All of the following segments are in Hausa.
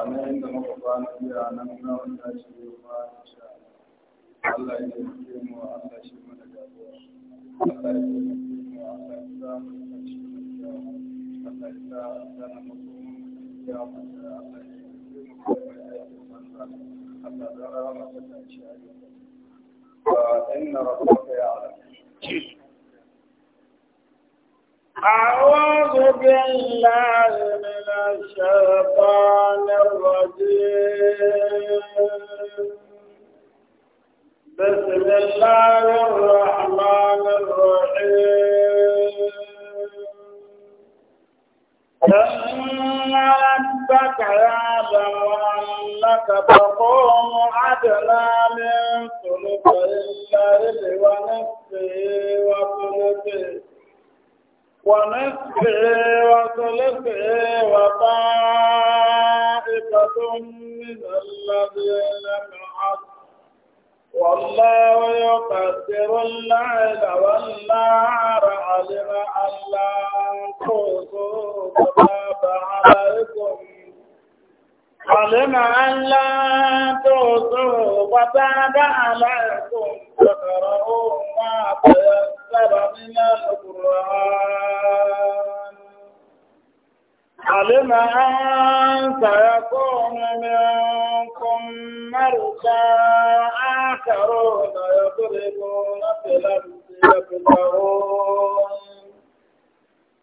a nan inda muka kwana biya nan na wanda shi ne ba da Allah ya taimake mu Allah shi mana jagora Allah ya taimake mu Allah ya sa mu kashi mai kyau Allah ya sa sana makomin mu ya mu Allah ya taimake mu ko mai aikin banza Allah ya rama ta tashi ayyuka fa inna rabbaka ya'lam أعوذ بالله من الشيطان الرجيم بسم الله الرحمن الرحيم إن ربك يعلم أنك تقوم عدلا من ثلثي الليل ونصفه وثلثه ونفعه وثلثه وطائفة من الذين معك والله يقدر الليل والنهار علم أن لا تقصوا فتاب عليكم Ọ̀lẹ́mọ̀ ńlá tó tó pàtà dáàlá ẹ̀kùn tọ̀tọ̀rọ̀ ohun máa bẹ̀rẹ̀ sára nínú ọkùnrin àwọn. ya ń sàrẹ́kùn mẹ́rin kún mẹ́rin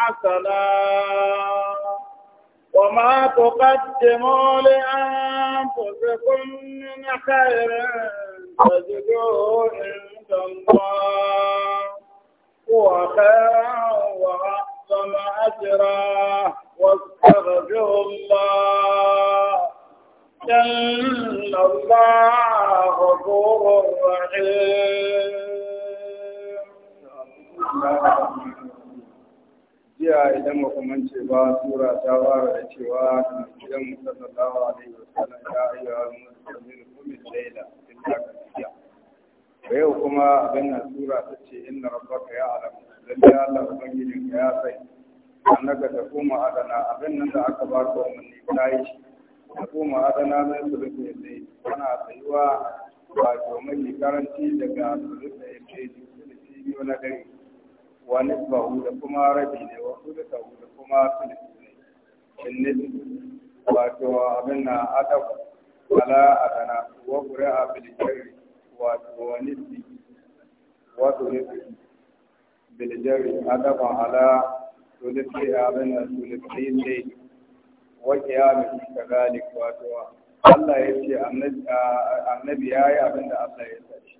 حسنا وما تقدموا لأنفسكم من خير تجدوه عند الله هو خيرا وأعظم أجرا واستغفروا الله إن الله غفور رحيم jiya idan ba ku mance ba sura ta fara da cewa da gidan mu sallallahu alaihi wasallam ya ayyuha muslimin qum al-layla illa Da yau kuma abin nan tura ta ce inna rabbaka don ya Allah ubangijin ka ya sai annaka takuma adana abin nan da aka ba ka umarni yi shi takuma adana mai sulukin sai ana tsayuwa wato mafi karanci daga sulukin ne sulukin ne na dare wa nisbahu da kuma rabi ne wa sulusahu da kuma sulusu ne in nisbu wato abin na adab ala adana wa qura'a bil jarri wato wa nisbi wato nisbi bil jarri adaban ala sulusi abin na sulusi ne wa qiyamu kadhalik wato Allah ya ce annabi ya yi abin da Allah ya sace.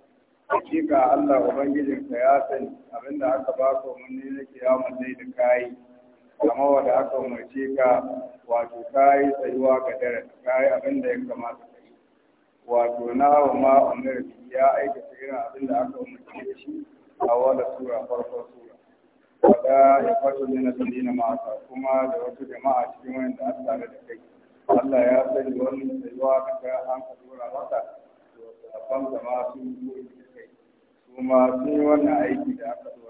Hakika Allah Ubangijinka ya sani da aka ba ka umarni na kiyamun da kayi kama wanda aka umarce ka wato kayi tsayuwa ga dare kayi abin da ya kamata ka yi wato na wa ma umar ya aikata irin abin da aka umarce shi a wala sura farko sura wada ya fato ne na na ma'asa kuma da wasu jama'a cikin wani da aka tare da kai Allah ya sani wani tsayuwa ka ka an ka tura masa to sabon zama sun yi kuma sun yi wannan aiki da aka tura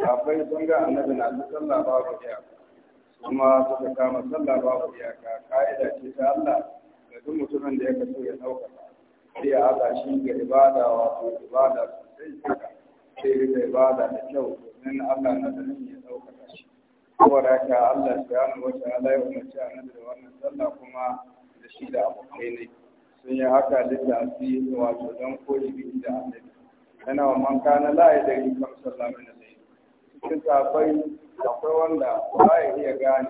kafai sun ga annabi na ta sallah babu iyaka kuma suka kama sallah babu iyaka ka'ida ce ta Allah da duk mutumin da ya kaso ya ɗauka sai ya haɗa shi ga ibada wato ibada sosai haka sai rika ibada da kyau domin Allah na da ya ɗauka shi saboda haka Allah ya subhanahu wa ta'ala ya umarci annabi da wannan sallah kuma da shi da abokai ne sun yi haka littafi wato don koyi da annabi yana wa man kana la da dari kam sallah cikin safai akwai wanda ba ya iya gane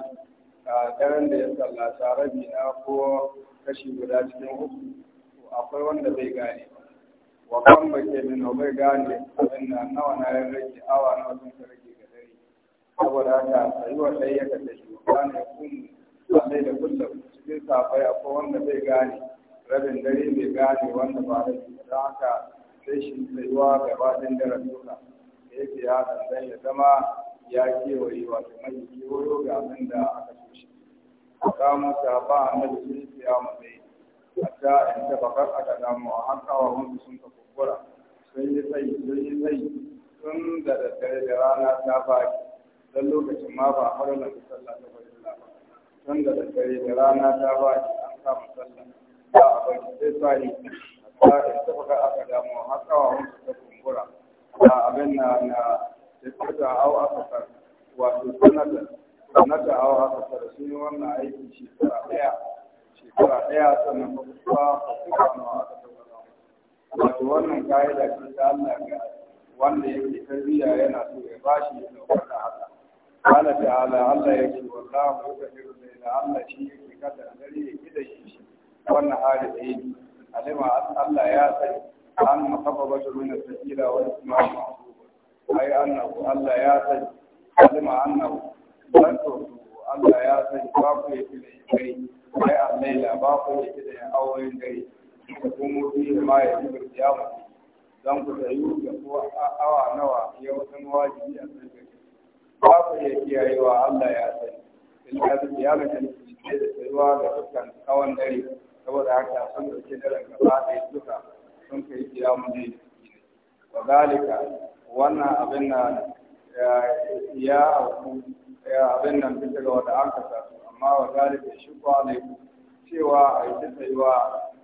a daren da ya sallata rabi na ko kashi guda cikin uku akwai wanda bai gane wa kan ba ke min bai gane abin na nawa na yan rage awa na wajen ta rage ga dare saboda haka wa ɗaya ya kashe shi ba ne kun sallai da kullum cikin safai akwai wanda bai gane rabin dare bai gane wanda ba rage don haka sai shi tsayuwa gabaɗin da duka da yake ya dan ya zama ya kewaye wato mai kewayo ga abin da aka so shi aka musa ba annabi sun ce ya A hatta in ta bakar aka damu a hankawa wanda sun ka kukkura sun yi tsayi sun yi tsayi tun da daddare da rana ta baki don lokacin ma ba har da sallah ta bari ba Sun da daddare da rana ta baki an kama sallah ba a bari sai tsari hatta in ta bakar aka damu a hankawa wanda sun ka kukkura abin na na tafiya au akasar wato sanata sanata au akasar sun yi wannan aiki shekara ɗaya shekara ɗaya sannan ba su ba su ba aka tabbata wato wannan ka'ida ce ta Allah ga wanda yake tarbiyya yana so ya bashi ya ɗaukar da haka Allah ta'ala Allah ya ce wallahu yughfiru da Allah shi yake kada dare ya kidaye shi wannan hali da yake alima Allah ya sani an mahabba min al-thaqila wa isma ai annahu Allah ya sani kalma annahu dan to Allah ya sani ba ku ya yake da kai ai Allah ba ku ya yake da auren gari da kuma fi ma ya yi kiyama dan ku tsayu da ko awa nawa ya wasan wajibi a kan gari ba ku ya kiyayewa Allah ya sani illa da kiyama kan da tsayuwa da dukkan kawan dare saboda haka sun dauke da ranka ba da duka sun ka kai kiyamu ne wa zalika wannan abin nan ya auku abin nan bisa ga wata an kasa amma wa zalika shi kuwa ne cewa a yi yi wa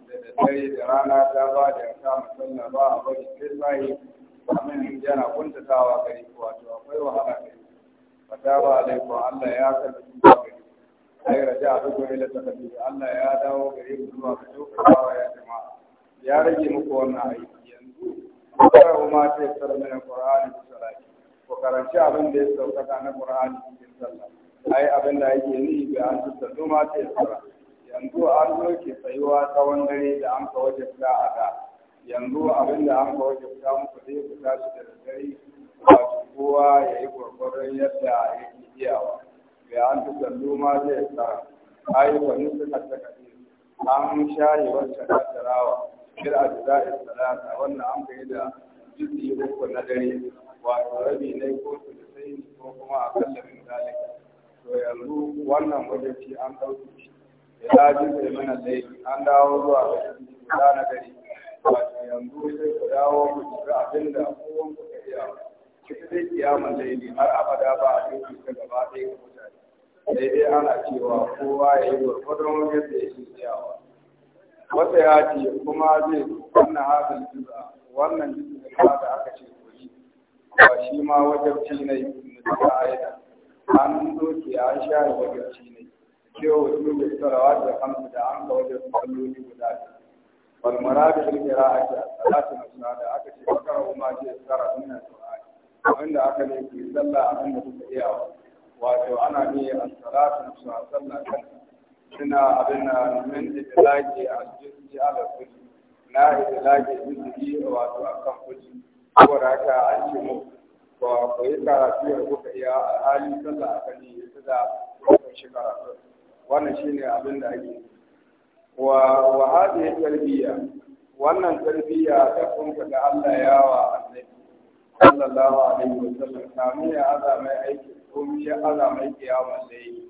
da daddare da rana ta ba da ya sa musamman ba a bari sai tsaye amin yana kuntatawa gari wato akwai wahala gari ta ba alaikum Allah ya karbi ba gari ai raja a duk wani da Allah ya dawo gari mu zuwa ga dokar ya jama'a ya rage muku wannan aiki yanzu ko ma ta yassara min qur'ani bi salati ko karanci abin da ya sauka na qur'ani cikin sallah ai abin da yake ni ga an tsado ma ta tsara yanzu an zo ke tsayuwa tsawon dare da an ka wajabta a da yanzu abin da an ka wajabta muku dai ku tashi da dare wato kowa ya yi gwargwaron yadda yake iyawa ga an tsado ma ta tsara ai wani suka saka an sha wacce ta tarawa fil ajza'i salata wannan an kai da juz'i uku na dare wato rabi ne ko sulusaini ko kuma akalla min zalika to yanzu wannan wajaci an ɗauki shi ya juz'i mana dai an dawo zuwa ga juz'i guda na dare wato yanzu sai ku dawo ku jira abinda kowan ku ka iya ita dai kiyamar laili har abada ba a dauke ta gaba ɗaya ga mutane sai dai ana cewa kowa ya yi gwargwadon yadda yake iyawa wata ya ce kuma zai wannan hafin jiza wannan jiza da ba da aka ce kuri ba shi ma wajabci ne na jiza a yada an doke an sha ne wajabci ne ke wasu ne sarawa da kamta da an ga wajen kalloli guda ne marmara da kirkira a ke a salatu na suna da aka ce maka kuma ce tsara nuna sarari wanda aka ne ke zalla a hannun iya ya wato ana ne a salatu a tsalla sallah kanta suna abin na min itilaki a jinsi ala kuli na itilaki jinsi wato a kan kuli da haka an ce mu ba ku yi karatu da kuka iya alhali sallah a kan yi ta da kuka shi karatu wannan shi ne abin da ake wa wa hadhihi tarbiyya wannan tarbiyya ta kun da Allah ya wa annabi sallallahu alaihi wasallam kamin ya azama aiki ko ya azama kiyama sai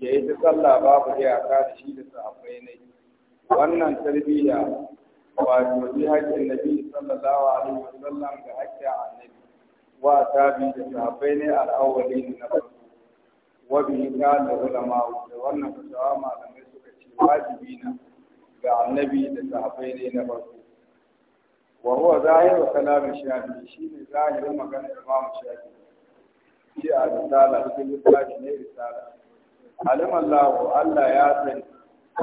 ya yi ta sallah babu iyaka da shi da sahabbai ne wannan tarbiyya wato bi haƙƙin nabi sallallahu alaihi sallam ga haƙƙin annabi wa tabi da sahabbai ne ne na farko wa bi da ulama da wannan fatawa malamai suka ce wajibi na ga annabi da sahabbai ne na farko wa huwa zahiru kalamin shafi shine zahirin maganar imam shafi ya a risala cikin littafi ne risala alim Allah Allah ya sani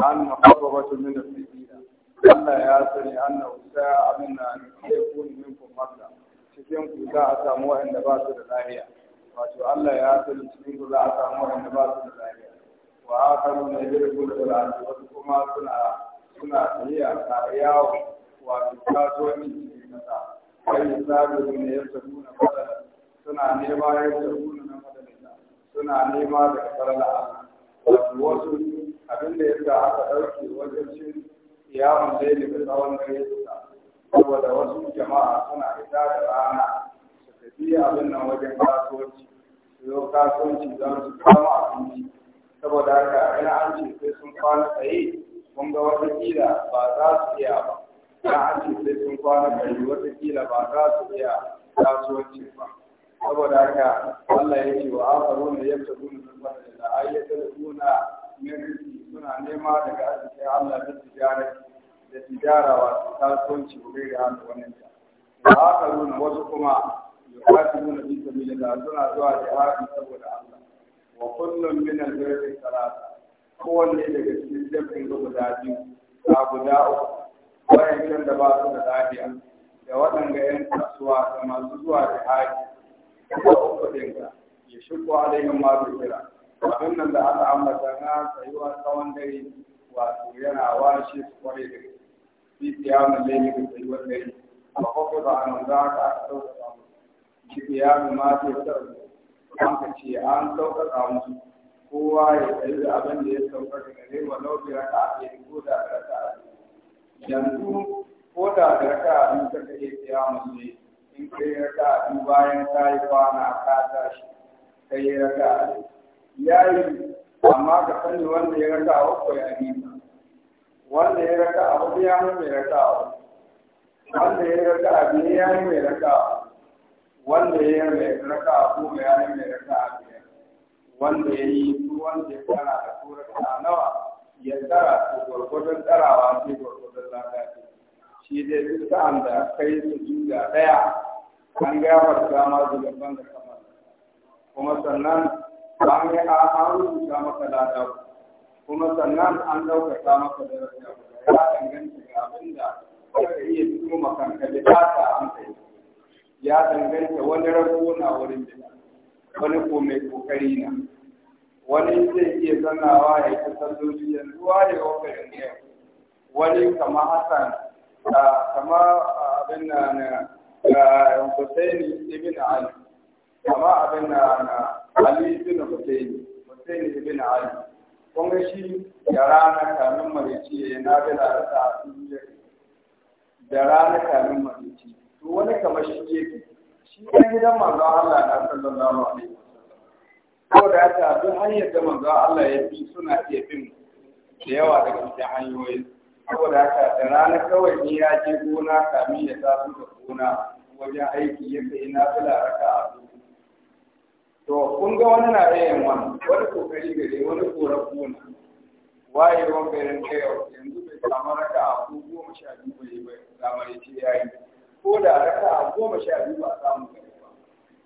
an mahabbatu min sayyida Allah ya sani annahu sa'a minna an yakun minkum madda cikin ku za a samu wanda ba su da lafiya wato Allah ya sani cikin ku za a ba su da lafiya wa akaru ne da kullu da wasu kuma suna suna tafiya ta yawo wato kasuwanci ne kasa kai sabu ne ya tafi na fadala suna nema ya tafi na fadala suna nema daga farala Allah wasu wasu abin da yadda aka ɗauki wajen cin yawon daidai da tsawon gare saboda wasu jama'a suna fita da rana su tafi abin nan wajen kasuwanci su yi kasuwanci don su kama abinci saboda haka ina an ce sai sun kwana tsaye kun ga watakila ba za su iya ba ina an ce sai sun kwana tsaye watakila ba za su iya kasuwanci ba saboda haka Allah ya ce wa afaru ne ya tabu ne sun fara da ayyatar suna min rizki suna nema daga arzikin Allah da tijara da tijara wa kasuwanci ko da hannu wannan ta wa afaru ne wasu kuma yuqatiluna fi da suna zuwa jihadi saboda Allah wa kullum min al-birri salata kowanne daga cikin jamfin guda biyu a guda uku wayancan da ba su da lafiya da waɗanda 'yan kasuwa da masu zuwa jihadi kuma uku ka ya shigo alayhim ma kira abin nan da aka ambata na tsayuwa tsawon dare wato yana washe su kwarai da fi tsiyamun laili da tsayuwar dare a kwafi ba a nan za ka aka sauƙaƙa musu fi tsiyamun ma ce sarfi an ka ce an sauƙaƙa musu kowa ya tsayi da abin da ya sauƙaƙa gare wa lauƙi raka a ɗaya ko da raka a yanzu ko da raka a ɗaya ka iya tsiyamun laili in kai raka a bayan ta yi kwana ta tashi ka yi raka a ya yi amma ka sani wanda ya raka a uku ya nisa wanda ya raka a hudu ya yi mai raka a wanda ya raka a biyu ya yi mai raka a wanda ya yi mai raka a goma ya yi mai raka a biyar wanda ya yi duk wanda ya kwana da ko raka nawa ya tsara ko gwargwadon tarawa sai gwargwadon lada shi dai duk sa'an da kai sujuda ɗaya an gafarta ma zunuban da kamar kuma sannan an yi an rubuta maka lada kuma sannan an ɗaukaka maka daraja ya danganta ga abin da ka iya fito makanka da ta an kai ya danganta wani rabo na wurin bida wani ko mai kokari na wani zai iya zanawa ya fi salloji yanzu wa da kokarin yau wani kama hasan Ah, kama ah, abin na na Hussein ibn Ali kama abin na na Ali ibn Hussein Hussein ibn Ali kun shi da ranar kamin marici ya na bi da rasa a da ranar kamin marici to wani kamar shi yake shi ɗan gidan manzo Allah na sallallahu alaihi ko da ta duk hanyar da manzo Allah ya bi suna iya bin da yawa daga cikin hanyoyin saboda haka da rana kawai ni ya je gona kami ya taso da gona wajen aiki ya kai na fila raka a to kun ga wani na iya wani wani kokari gare wani kora gona wani garin kai yanzu bai samu raka a ko goma sha biyu bai bai samar ya ce ya yi ko da raka a goma sha biyu ba a samu gari ba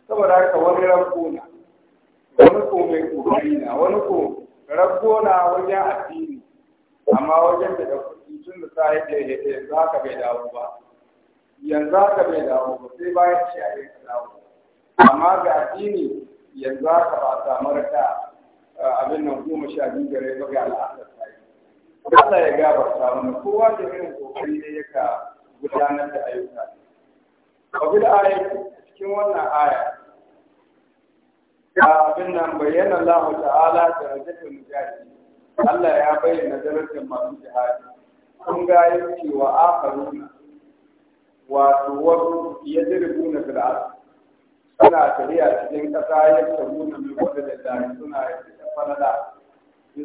saboda haka wani rabbona wani ko mai kokari na wani ko rabbona wajen addini amma wajen da dafa tun da yi da ya za yanzu haka bai dawo ba yanzu haka bai dawo ba sai bayan shi a yanka dawo amma ga addini yanzu haka ba samar da abin nan goma sha biyu gare ba ga al'adar sai Allah ya gabarta mana kowa da irin kokari ne ka gudanar da ayyuka da ayat cikin wannan aya abin nan bayyana Allah ta'ala da rajulul mujahid Allah ya bayyana darajar masu jihadi kun ga cewa wa akharuna wato wasu ya dirbu na fil'ar suna tafiya cikin ƙasa ya tabu na mai wata da dare suna ya da tafana da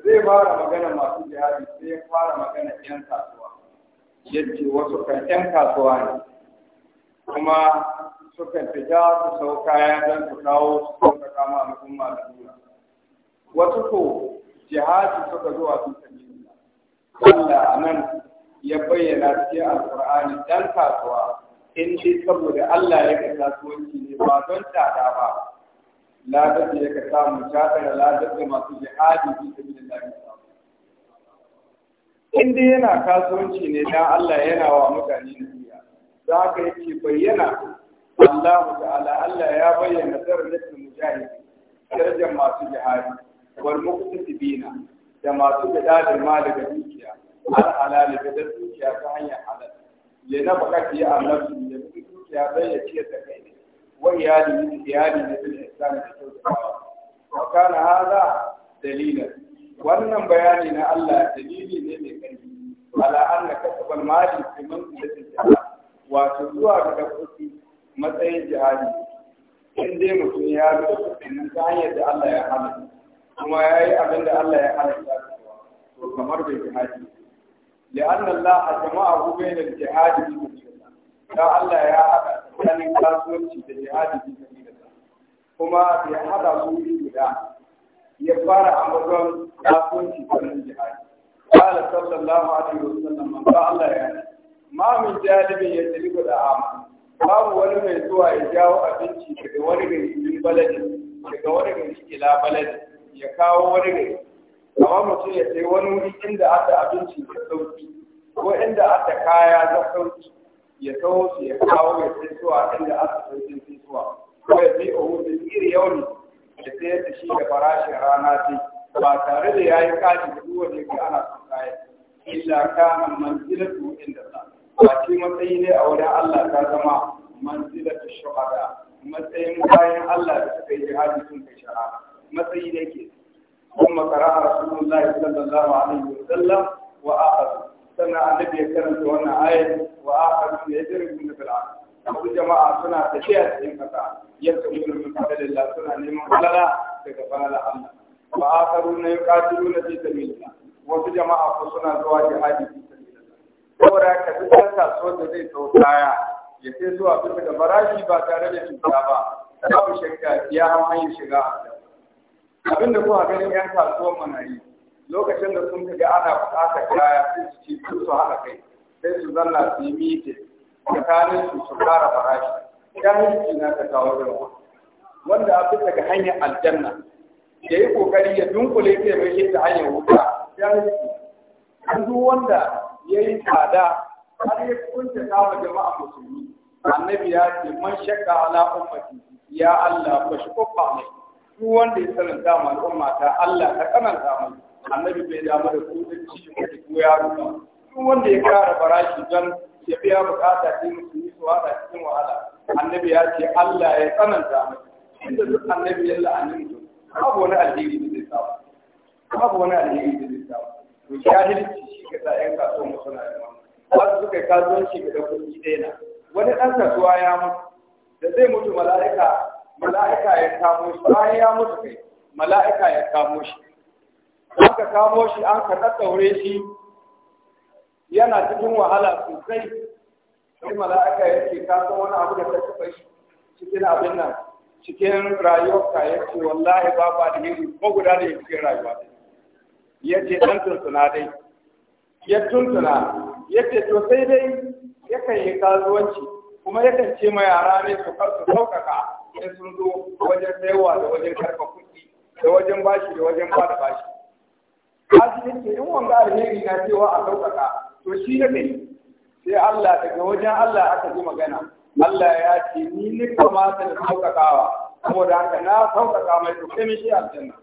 zai fara magana masu jihadi sai ya fara magana 'yan kasuwa yace wasu kan 'yan kasuwa ne kuma sukan fita su sau kaya don su kawo su sauka kama al'umma da dura wasu ko jihadi suka zuwa sun tafi Allah a nan ya bayyana cikin alkur'ani dan kasuwa in dai saboda Allah ya ka kasuwanci ne ba don tsada ba ladar da ya ka samu shakar ladar da masu jihadi fi sabilillah in dai yana kasuwanci ne dan Allah yana wa mutane nasiha za ka yake bayyana Allah ta'ala Allah ya bayyana darajar mujahidi darajar masu jihadi wal muqtasibina da masu gada da mali dukiya har halal da da dukiya ta hanyar halal le na baka ki annabi da dukiya bai ya ce ta kai wa iyali da iyali da bil ihsan da kyautatawa wa kana hada dalilan wannan bayani na Allah dalili ne mai karfi ala anna kasabal mali fi manzilatil jihad wato zuwa ga dabbobi matsayin jihadi in dai mutum ya bi da kuɗin ta hanyar da Allah ya halatta kuma ya yi abin da Allah ya halatta to kamar bai jihadi لأن الله جمعه بين الجهاد في سبيل الله يا الله يا هذا كان كاسوتي الجهاد في سبيل الله كما في هذا سوري غدا يبار أمرهم كاسوتي في الجهاد قال صلى الله عليه وسلم من قال الله يعني ما من جالب يجلب الأعمى babu wani mai zuwa ya jawo abinci daga wani gari min baladi daga wani gari ila baladi ya kawo wani gari amma mutum ya sai wani wuri inda aka abinci da sauki ko inda aka kaya da sauki ya kawo su ya kawo ya sai suwa inda aka sauki sai suwa ko ya bi a wurin iri yau ne ya sayar da shi da farashin rana ce ba tare da ya yi kaji da duk wanda yake ana son kayan illa kana su inda sa ba ce matsayi ne a wurin Allah ta zama manzilatu shuhada matsayin bayan Allah da suka yi jihadi sun kai shara, matsayi ne ke ثم قرأ رسول الله صلى الله عليه وسلم وآخر سنة النبي كرمت وانا آية وآخر من يدركون في العالم أبو جماعة سنة تشيئة إن قطع يبتغون من فضل الله سنة لمن فللا تكفل الله وآخرون يقاتلون في سبيل الله wasu jama'a ko suna zuwa jihadi fi sabilillah saboda haka duk ɗan kasuwar da zai sau kaya ya sai zuwa bisa da farashi ba tare da cuta ba babu shakka ya hau hanyar shiga a abinda kuka ganin yan kasuwan mana yi lokacin da sun ga ana buƙatar kaya sun ci su haɗa kai sai su zanna su yi mitin tsakanin su su ƙara farashi jahilci na ta kawo rawa wanda a daga hanyar aljanna ya yi kokari ya dunkule ta mai shi ta hanyar wuta jahilci an duk wanda ya yi tsada har ya kunta kawo jama'a musulmi annabi ya ce man shakka ala ummati ya Allah ba shi kofa mai duk wanda ya sanin ma al'umma ta Allah ta kanan zama annabi bai damu da ku da cikin da ku ya rufa duk wanda ya kara barashi dan ya biya bukata ta musulmi su hada cikin wahala annabi ya ce Allah ya tsananta zama inda duk annabi ya la'anin to babu wani alheri da zai sawa babu wani alheri da zai sawa to jahilci shi ka sa yan kasuwa mu suna mu. wasu suka yi kasuwanci ga kuɗi ɗaya na wani ɗan kasuwa ya mutu da zai mutu mala'ika mala'ika ya kamo shi bayan ya mutu kai mala'ika ya kamo shi an ka kamo shi an ka ɗaɗɗaure shi yana cikin wahala sosai sai mala'ika ya ce ka san wani abu da ka taɓa shi cikin abin nan cikin rayuwarka ya ce wallahi ba ba da yin ko guda da cikin rayuwa ya ce ɗan tuntuna dai ya tuntuna ya ce to sai dai yakan yi kasuwanci kuma yakan ce ma yara ne su sauƙaƙa sai sun zo wajen saiwa da wajen karfa kuɗi da wajen bashi da wajen ba da bashi asibiti in wanga alheri na cewa a sauƙaƙa to shi ne kai sai Allah daga wajen Allah aka ji magana Allah ya ce ni ni kamata na sauƙaƙawa saboda haka na sauƙaƙa mai to kai mishi aljanna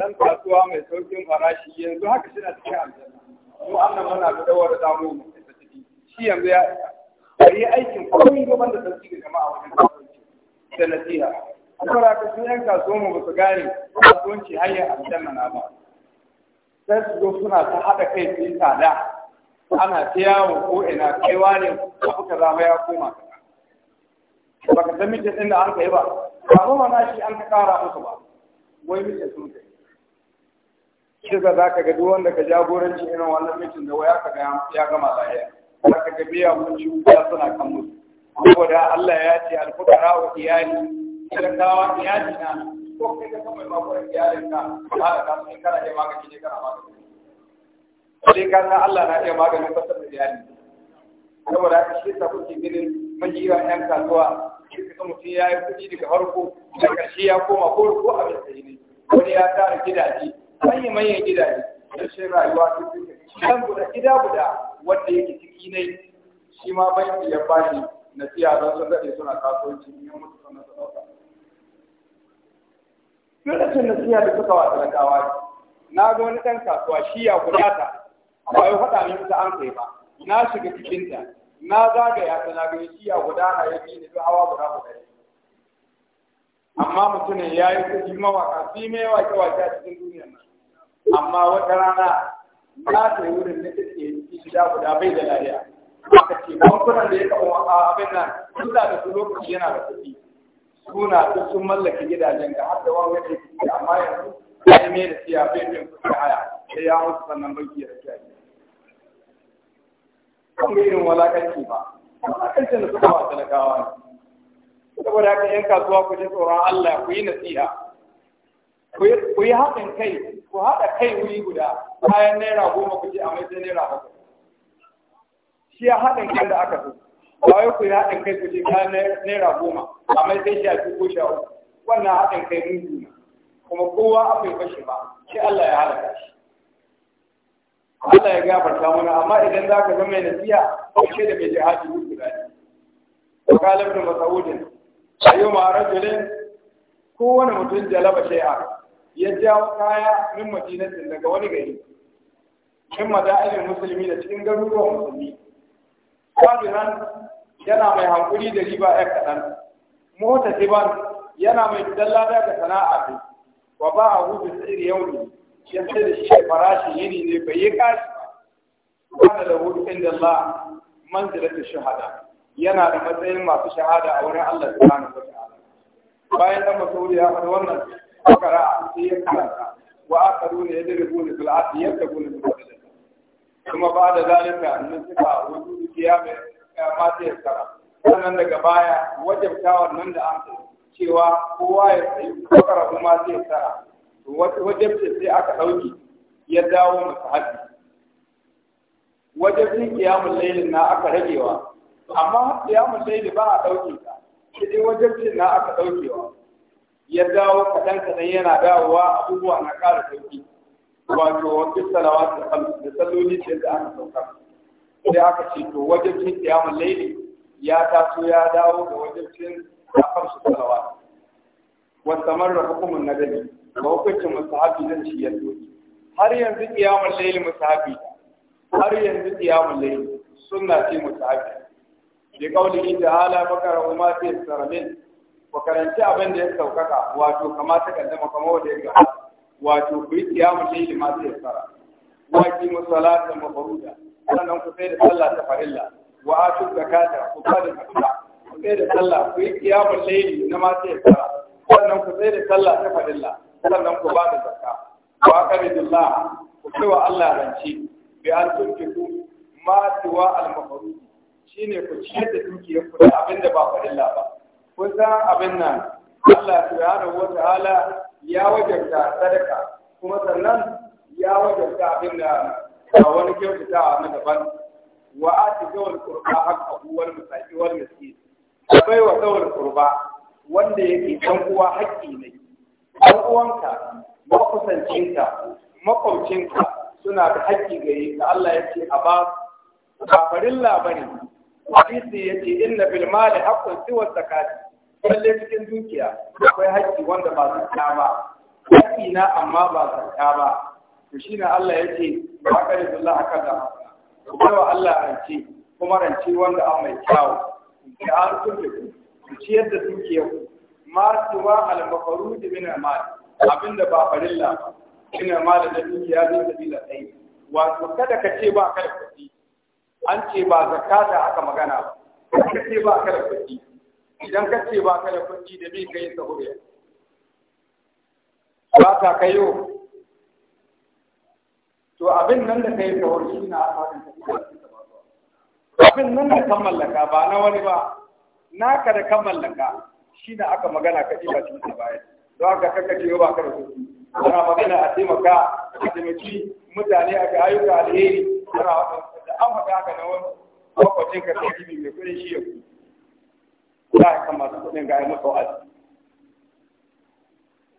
dan kasuwa mai sauƙin farashi yanzu haka shi na cikin aljanna mu annan muna da dawar damu mu shi yanzu ya a yi aikin komai gaban da sarki da jama'a wajen kasuwanci da nasiha saboda ka sun yan kasuwan mu ba su gane kasuwanci hanyar aljanna na ba sai su zo suna ta haɗa kai su yi tsada ana ta yawo ko ina kaiwa ne abu ka zama ya koma ba ka san mijin ɗin da an kai ba ba ma na shi an ka ƙara musu ba wai mijin sun kai shi za ka ga duk wanda ka jagoranci irin wannan mijin da waya ka ga ya gama lafiya zaka ga biya mun cuta suna kan musu saboda Allah ya ce alfukara wa iyali wa iyali na ko kai ka kuma ba kuma iyali ka ba da kasu in kana da magani ne kana magani sai ka san Allah na iya maganin ba da iyali saboda haka shi sa kuke ganin majiya yan kasuwa shi ka mutum ya yi kuɗi daga farko da ƙarshe ya koma ko ko abin sai ne wani ya tara gidaje manyan manyan gidaje rashin rayuwa sun fi kan guda gida guda wanda yake ciki ne shi ma banki ya bashi nasiya don sun daɗe suna kasuwanci ne yan mutu sannan su ɗauka. Duk na nasiya da suka wa talakawa na ga wani ɗan kasuwa shi ya gudata ba ya faɗa min ta an kai ba na shiga cikinta na zagaya ta na gani shi ya gudana ya bi ni hawa guda guda amma mutumin ya yi kuɗi mawaka fi mai wake wake a cikin duniyar nan amma wata rana ba ta yi wurin da take gida guda bai da lariya aka ce bankunan da ya kawo a abin nan sun da da su lokaci yana da kuɗi suna su sun mallaki gidajen ga har da wani da ya fi amma yanzu ya yi mai da siya bai bin kuɗi haya sai ya mutu sannan banki ya rage kan ga irin walakanci ba walakancin da suka ba talakawa ne saboda haka yan kasuwa ku ji tsoron Allah ku yi nasiha ku yi haɗin kai ku haɗa kai wuri guda bayan naira goma ku ce a mai sai naira haka. shi ya haɗin kai da aka so ba wai ku yi haɗin kai ku ce kayan naira goma a mai sai sha biyu ko sha uku wannan haɗin kai mun ne kuma kowa akwai bashi ba shi Allah ya halaka shi Allah ya gafarta mana amma idan za ka zama mai nasiha kai da mai jihadi guda ne. Wakalin da Masaudin, a yau ma rajulin kowane mutum jalaba shai'a ya jawo kaya min madinatin daga wani gari min mada'irin musulmi da cikin garuruwan musulmi sabiran yana mai hankuri da riba ya kaɗan mota tiban yana mai fitar lada sana'a ne wa ba a hudu tsiri yau ne ya sai da shi farashi yini ne bai yi kashi ba da hudu inda Allah manzilatu shahada yana da matsayin masu shahada a wurin Allah subhanahu wa ta'ala bayan masu wuri ya faɗi wannan fakara sai ya karanta wa aka nuna ya dare gole fil'afi yadda gole fil'afi kuma ba da zalika nan suka wuzu kiyama mata ya tsara sannan daga baya wajabtawar nan da an cewa kowa ya tsayi fakara kuma sai ya tsara wajabce sai aka ɗauki ya dawo masa na aka ragewa amma ba a na aka ɗaukewa ya dawo kaɗan kaɗan yana dawowa abubuwa na ƙara sauki wato wasu salawa da kalmi da salloli ce da aka sauka sai aka ce to wajen cin kiyamun laili ya taso ya dawo da wajen cin kafar su salawa wata marar hukumin na dani ba hukuncin musahabi zan shi ya har yanzu kiyamun laili musahabi har yanzu kiyamun laili sunna ce musahabi da kaulin ta'ala bakara umma fi saramin ku karanci abin da ya saukaka wato kama ta zama kama wanda ya gaba wato ku yi kiyamu ne shi ma sai fara wa ki musallata mafruda sannan ku sai da sallah ta farilla wa atu zakata ku ba da zakata ku sai da sallah ku yi kiyamu layli na ma sai fara sannan ku sai da sallah ta farilla sannan ku ba da zakka wa qaridullah ku sai wa Allah rance, bi an tunkiku ma tuwa al-mafrud shine ku ciyar da dukiyar ku da abin da ba farilla ba kun san abin nan Allah subhanahu wata'ala ya wajarta sadaka kuma sannan ya wajarta abin da ba wani kyautatawa na daban wa a ati zawal qurba haqqahu wal misaki wal miskin abai wa zawal qurba wanda yake dan uwa haƙƙi ne dan uwanka makusancinka makwabcinka suna da haƙƙi gare ka Allah ya ce a ba ba farilla bane hadisi yace inna bil mali haqqun siwa zakati lalle cikin dukiya akwai haƙƙi wanda ba zakka ba haƙƙi na amma ba zakka ba to shine Allah yake ba kare billah haka da cewa Allah rance kuma rance wanda an mai kyawu ki an tunke ku ciyar da dukiyar ku ma tuwa al mafarud min al mal abinda ba farilla ba min al mal da dukiya zai sabila dai wato kada ka ce ba ka da kuɗi an ce ba zakata da aka magana ba ka ce ba ka da kuɗi idan ka ce ba ka da kuɗi da bi ka sa sahuriya ba ka kayo to abin nan da ka yi sahur shi na aka wadanta abin nan da kan mallaka ba na wani ba Na ka da kan mallaka shi na aka magana ka ba shi ta baya don haka kaka ce ba ka da kuɗi ana magana a taimaka a taimaki mutane a ga ayyuka alheri ana wadanta da an da haka na wani makwacin ka sai mai kuɗin shi ya kuɗi za a kan masu kuɗin ga yi musu wa'azi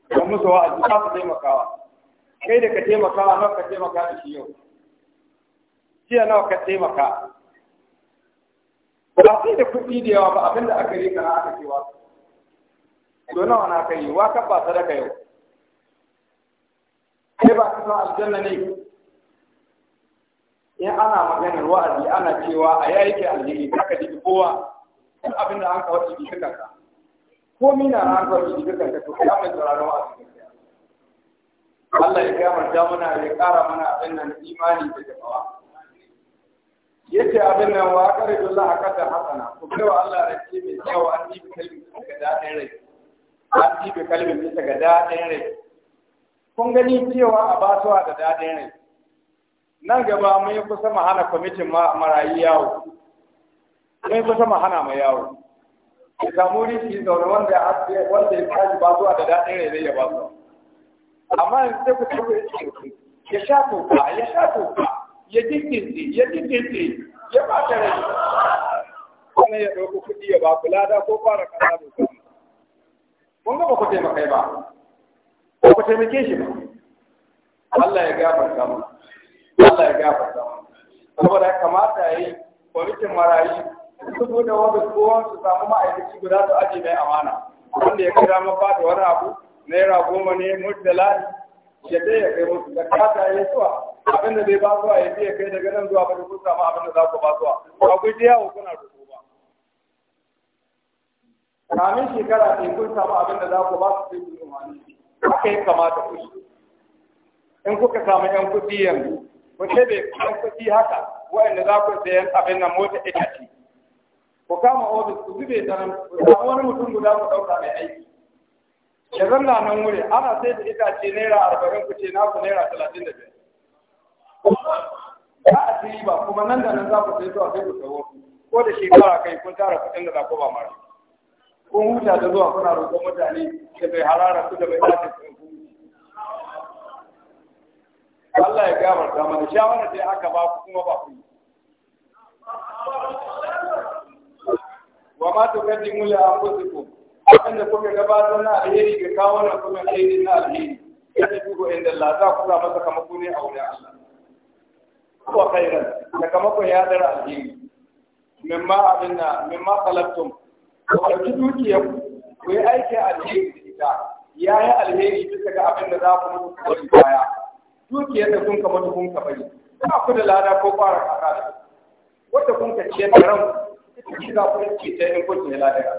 don musu wa'azi za su taimakawa kai da ka taimakawa nawa ka taimaka da shi yau jiya nawa ka taimaka ba sai da kuɗi da yawa ba abinda aka yi kana aka ce wa to nawa na kai wa ka ba sadaka yau kai ba ka san aljanna ne in ana maganar wa'azi ana cewa a yi aiki aljiri kaka dibi kowa duk abin da an kawo cikin cikin kanka ko mina na an kawo cikin cikin kanka to kai mai sauraron wa Allah ya gafarta mana ya ƙara mana abin nan imani da jama'a yace abin nan wa akaridu Allah akata hasana ku wa Allah rake mai kyau an yi kalbi daga dadin rai an yi kalbi bisa ga dadin rai kun gani cewa a basuwa da dadin rai nan gaba mun yi kusa mu hana kwamitin marayu yawo sai kusa ma hana mai yawo ya samu rishi zaune wanda ya wanda ya kaji ba zuwa da daɗin rai zai ya ba su amma yanzu sai ku tafi ya ce ya sha toka ya sha toka ya jikinti ya jikinti ya ba ta rai wani ya ɗauki kuɗi ya ba ku lada ko fara kasa da su kun ga ba ku taimaka ba ba ku taimake shi ba Allah ya gafarta mu Allah ya gafarta mu saboda kamata yayi kwamitin marayu Sun buɗe ofis ko su samu ma'aikaci guda su aji mai amana wanda ya kai damar ba da wani abu naira goma ne murtala ya dai ya kai musu da kata ya zuwa abin da bai ba zuwa ya ya kai daga nan zuwa ba da kun samu abin da za ku ba zuwa ba ku ji yawo kuna rubu ba kamin shekara ne kun samu abin da za ku ba su sai ku yi wani haka ya kamata ku shi in kuka samu yan kuɗi yanzu ku ce bai yan kuɗi haka wa'anda za ku sayan abin nan mota itace ku kama ofis ku zube daren ku da wani mutum guda ku ɗauka mai aiki ya zanna nan wuri ana sai da ce naira arba'in ku ce naku naira talatin da biyar ba a ci ba kuma nan da nan za ku sai zuwa sai ku sayo ko da shekara kai kun tara kuɗin da za ku ba mara kun huta da zuwa kuna roƙon mutane da bai harara su da bai ɓace su ku Allah ya gama mana shawara sai aka ba ku kuma ba ku yi wa ma a kusa ku. Abin da kuka gabatar na alheri ga na kuma alheri na alheri yadda duhu inda la za ku za masa kamako ne a wuri Allah ko kairan da ku ya dara alheri min ma mimma ko a ɗauki dukiyar ku Ku yi aiki a alheri da ita ya yi alheri bisa ga abin da za ku mutu ku bari baya dukiyar da kun ka mutu kun ka bari ba ku da lada ko fara kaka da wata kun ka ciyar da ranku shi za ku ce sai in kuce lahira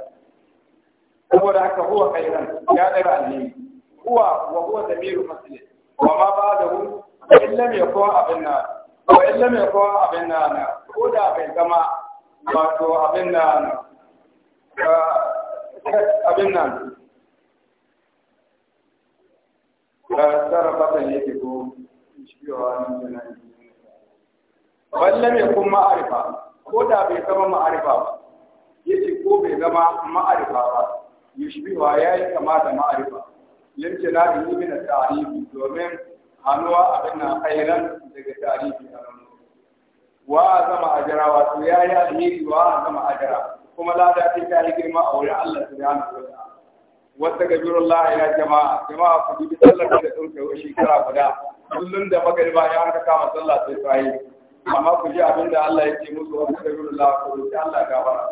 saboda haka huwa khairan ya dara alheri huwa wa huwa damiru masjid wa ma ba'dahu in lam yakun abin nan wa in lam yakun abin nan ko da bai zama wato abin nan eh, abin nan sarrafa eh, yake ko shi yawa nan da nan wallan ya kuma ma'arifa ko da bai zama ma'arifa ba yace ko bai zama ma'arifa ba yushbiha yayi kama da ma'arifa ce na bi min ta'rifi domin hanuwa abin na khairan daga ta'rifi anan wa zama a jira wa ya yi alheri wa a zama a jira, kuma lada ta ta yi girma a wurin Allah subhanahu ya ta'ala wata gajirullah ya jama'a jama'a ku bi sallar da tsunkai shekara guda kullum da magariba ya aka kama sallah sai sai amma ku ji abin da Allah ya ce musu wani kabiru la ku roki Allah gafara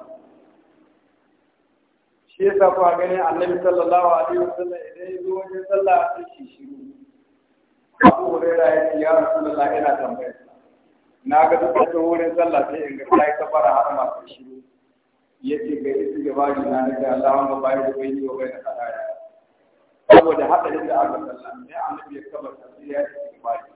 shi yasa ku gani annabi sallallahu alaihi wasallam idan ya zo wajen sallah sai shi shiru Abu Hurairah ya ce ya Rasulullah ina tambaya na ga duk da wurin sallah sai in ga kai kafara har ma sai shiru yace ga isi gaba ni na ga Allahumma bayyana bayni wa bayna qadaya saboda hadarin da aka sallah sai annabi ya kaba sai ya ce gaba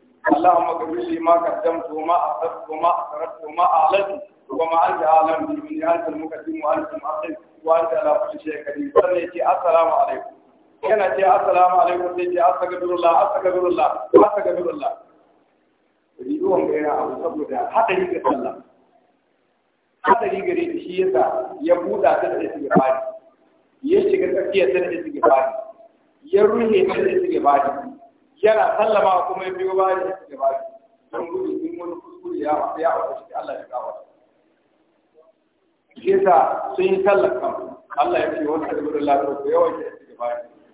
اللهم اغفر لي ما قدمت وما اخرت وما اخرت وما اعلنت وما انت اعلم بي من انت المقدم وانت المعقل وانت على كل شيء قدير فليتي السلام عليكم كان تي السلام عليكم تي استغفر الله استغفر الله استغفر الله يريدون ان يصبروا حتى يجد الله هذا اللي يريد شيء ذا يبودا تدريسي فاضي يشتغل تكتيه تدريسي فاضي يروي تدريسي فاضي yana sallama kuma ya biyo bayan ya shiga baki don gudu in wani kuskure ya wasu ya wasu shi Allah ya gawa shi yasa sun yi sallar kan Allah ya ce wani gudun lafiya ko yawan ya shiga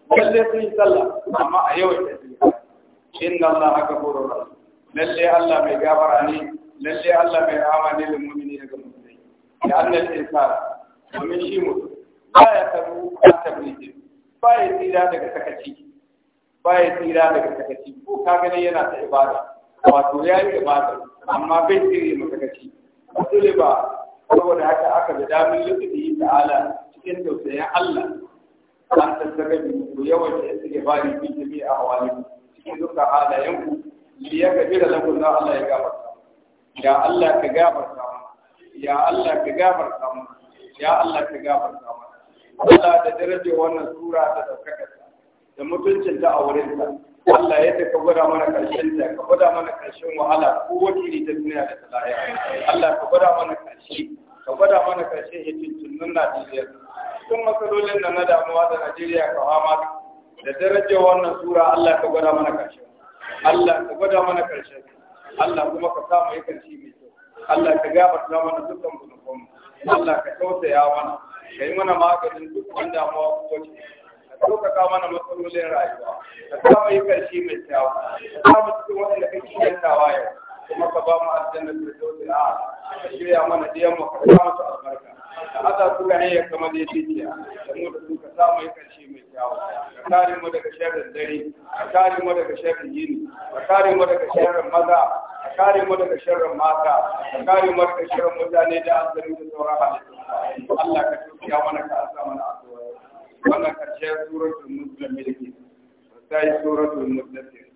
baki lalle sun yi sallah amma a yawan shi ya shiga baki inna Allah haka da rasu lalle Allah mai gafara ne lalle Allah mai rahama ne da mu'mini daga musulmai ya annal insan domin shi mutum ba ya tabu ba ta bi ba ya tsira daga sakaci baya tsira daga sakaci ko ka gani yana ta ibada wato ya yi ibada amma bai tsire mu sakaci dole ba saboda haka aka da damin lokaci ta'ala cikin tausayin Allah an tattaka bi ku yawan da yake ibadi bi jami'i a hawali cikin duka halayen ku ya ga bira lakum na Allah ya gafarta ya Allah ka gafarta ya Allah ka gafarta ya Allah ka gafarta Allah da darajar wannan sura da daukaka da mutuncin ta a wurinsa Allah ya ka gwada mana karshen ta ka gwada mana karshen wahala ko wani ne ta duniya da ta Allah ka gwada mana karshe ka gwada mana karshen hitintunnun Najeriya cikin matsalolin da na damuwa da Najeriya ka fama da darajar wannan sura Allah ka gwada mana karshen Allah ka gwada mana karshen Allah kuma ka sa mu yi karshe mai kyau Allah ka gafarta mana dukkan zunubanmu Allah ka tausaya mana kai mana maganin duk wanda damuwa ko ciki sauƙaƙa mana matsalolin rayuwa ka samu yi ƙarshe mai kyawu ka samu cikin waɗanda kake yantawa yau kuma ka ba mu aljanna da sauƙi a ka shirya mana ɗiyan mu ka samu su albarka Ka aza su ga hanyar kamar da ya da mu da su ka samu yi ƙarshe mai kyawu ka kare mu daga sharrin dare ka kare mu daga sharrin yini ka kare mu daga sharrin maza ka kare mu daga sharrin mata ka kare mu daga sharrin mutane da an da sauran halittu Allah ka tukiya mana ka asa mana a wala karshen سورة muslimin ke سورة suratul muslimin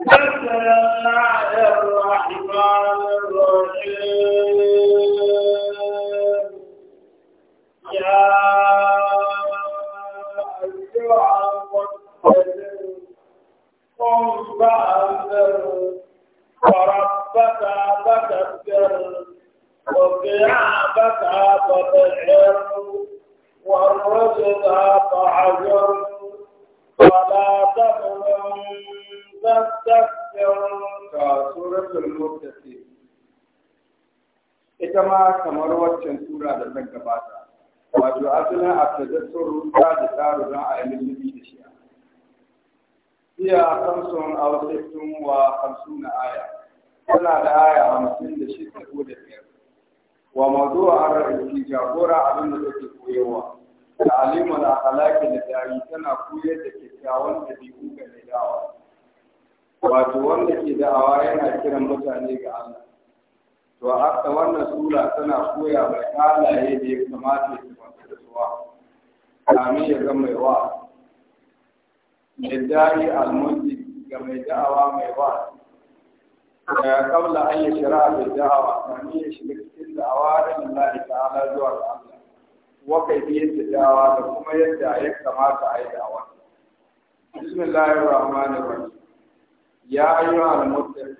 بسم الله الرحمن الرحيم يا أيها قم فأنذر وربك فكبر وثيابك فطهر والرجل فعجر فلا تمنن تستكبر كسورة المرتسم ita ma kamar waccan tura da zan gabata wato asalin a tajassur ruta da tsaro don a yi lullubi da shi iya samson a wasu wa hamsin na aya tana da aya hamsin da shi ko da biyar wa mazuwa an ra'ayi jagora abin da take zamantakewa da na akhlaqi da dari tana koyar da kyakkyawan dabi'u ga mai da'awa wato wanda ke da'awa yana kiran mutane ga Allah to haka wannan sura tana koya mai halaye da ya kamata ya kamata da suwa kamin ya ga mai wa mai al-mulki ga mai da'awa mai wa kabla an yi shira da da'awa kamin ya shiga cikin da'awa da Allah ta'ala zuwa ga Allah وكيفية دعوة وكما يدعى كما تعي دعوة بسم الله الرحمن الرحيم يا أيها المتقين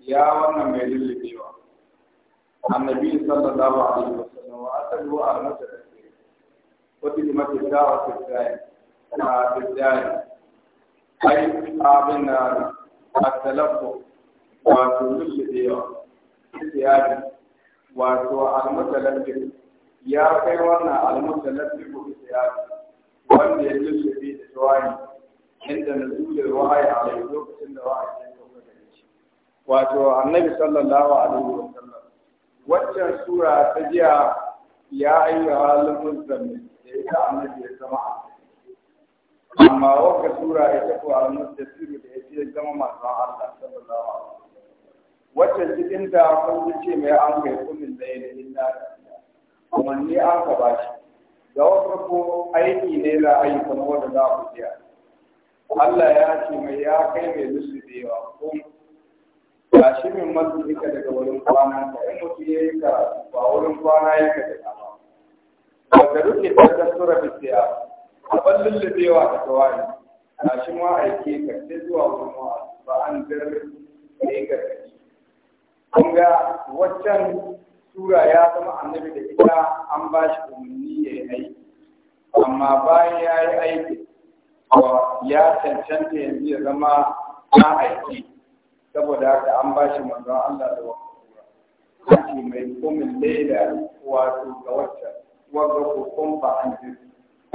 يا وانا ميل الجوا النبي صلى الله عليه وسلم وأتلو المتقين وتجمع الدعوة في الدائم في الدائم أي أبنا التلفظ وتلل الجوا في الدائم وتو المتلفظ ya kai wannan almusallafi ko siyasi wanda ya lullube da tawayi inda na zuwa wahayi a lokacin da wahayi ya sauka da shi wato annabi sallallahu alaihi wa sallam waccan sura ta jiya ya ayyuha al-muzammil da ita annabi ya zama a amma wakka sura ita ko al-mudaththir da ita ya zama masu Allah sallallahu alaihi wa sallam wacce cikin da kun ce mai an kai kullun da yin inna umarni an ka ba shi da wasu ko aiki ne za a yi kuma wanda za ku biya Allah ya ce mai ya kai mai lusu da yawa ko ba shi min nika daga wurin kwana ka in mutu ya yi ka ba wurin kwana ya ka daga ba ba ka rufe tattar sura siya a ban lullubewa da kawai ga shi ma aiki ka sai zuwa wurin ba an zirri ne ga kun ga waccan Tura ya zama annabi da ita an ba shi umarni ya yi aiki amma bayan ya yi aiki ya cancanta yanzu ya zama na aiki saboda haka an ba shi manzon Allah da wata sura mai komin laila wato ga wata wanda ko kun ba an ji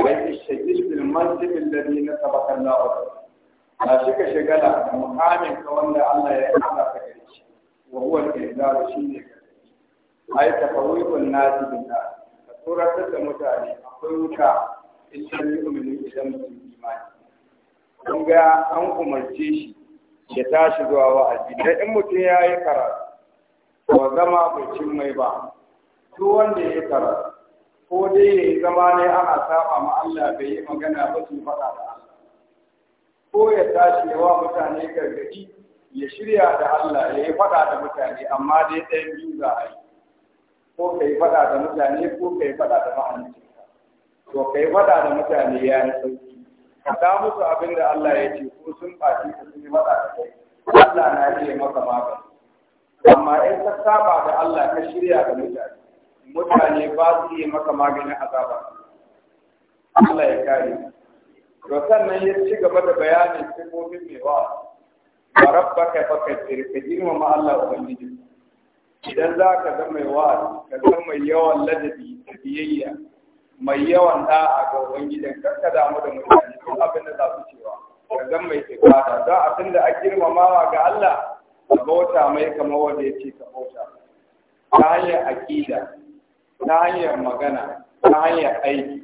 wai ki shagil bil na alladhi nasabaka Allah a shi ka shigala muhamin ka wanda Allah ya yi ka gare shi wa huwa al-izaru shine ai tafawifun nasi bin ta ka tsoratar da mutane akwai wuta in san yu'minu idan mutum imani kun ga an umarce shi ya tashi zuwa wa'azi da in mutum ya yi karatu ba zama bai cin mai ba duk wanda ya yi karatu ko dai ya yi zama ne ana saba ma Allah bai yi magana ba su faɗa da Allah ko ya tashi ya wa mutane gargaɗi ya shirya da Allah ya yi faɗa da mutane amma dai ɗayan biyu za a yi ko ka yi faɗa da mutane ko ka yi faɗa da mahaliccinka to ka yi faɗa da mutane ya yi sauki ka da musu abin da Allah ya ce ko sun ɓaci ka sun yi faɗa da kai Allah na iya maka magani amma in ka saba da Allah ka shirya da mutane mutane ba su yi maka maganin azaba Allah ya kare to sannan ya ci gaba da bayanin sifofin mai wa rabbaka fakaddir ka girmama Allah jirgin. idan za ka zama mai ka zama mai yawan ladabi da biyayya mai yawan a ga wangidan kar ka damu da mutane duk abin da za su cewa ka zama mai ibada a abin da a girmamawa ga Allah ka bauta mai kamar wanda ya ce ka bauta ta hanyar aƙida ta hanyar magana ta hanyar aiki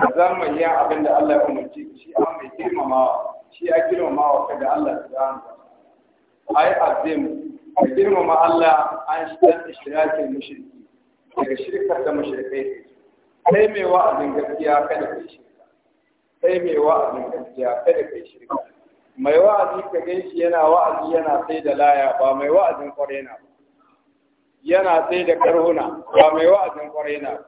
ka zama yin abin da Allah ya umarci shi a mai girmamawa shi a girmamawa ka ga Allah ta zama ai azim A girmama Allah an shigar da shirakin mushriki daga shirkar da mushrikai sai mai wa'azin gaskiya kada kai shirka sai mai wa'azin gaskiya kada kai shirka mai wa'azi ka ganshi yana wa'azi yana sai da laya ba mai wa'azin kwarena ba yana sai da karhuna ba mai wa'azin kwarena ba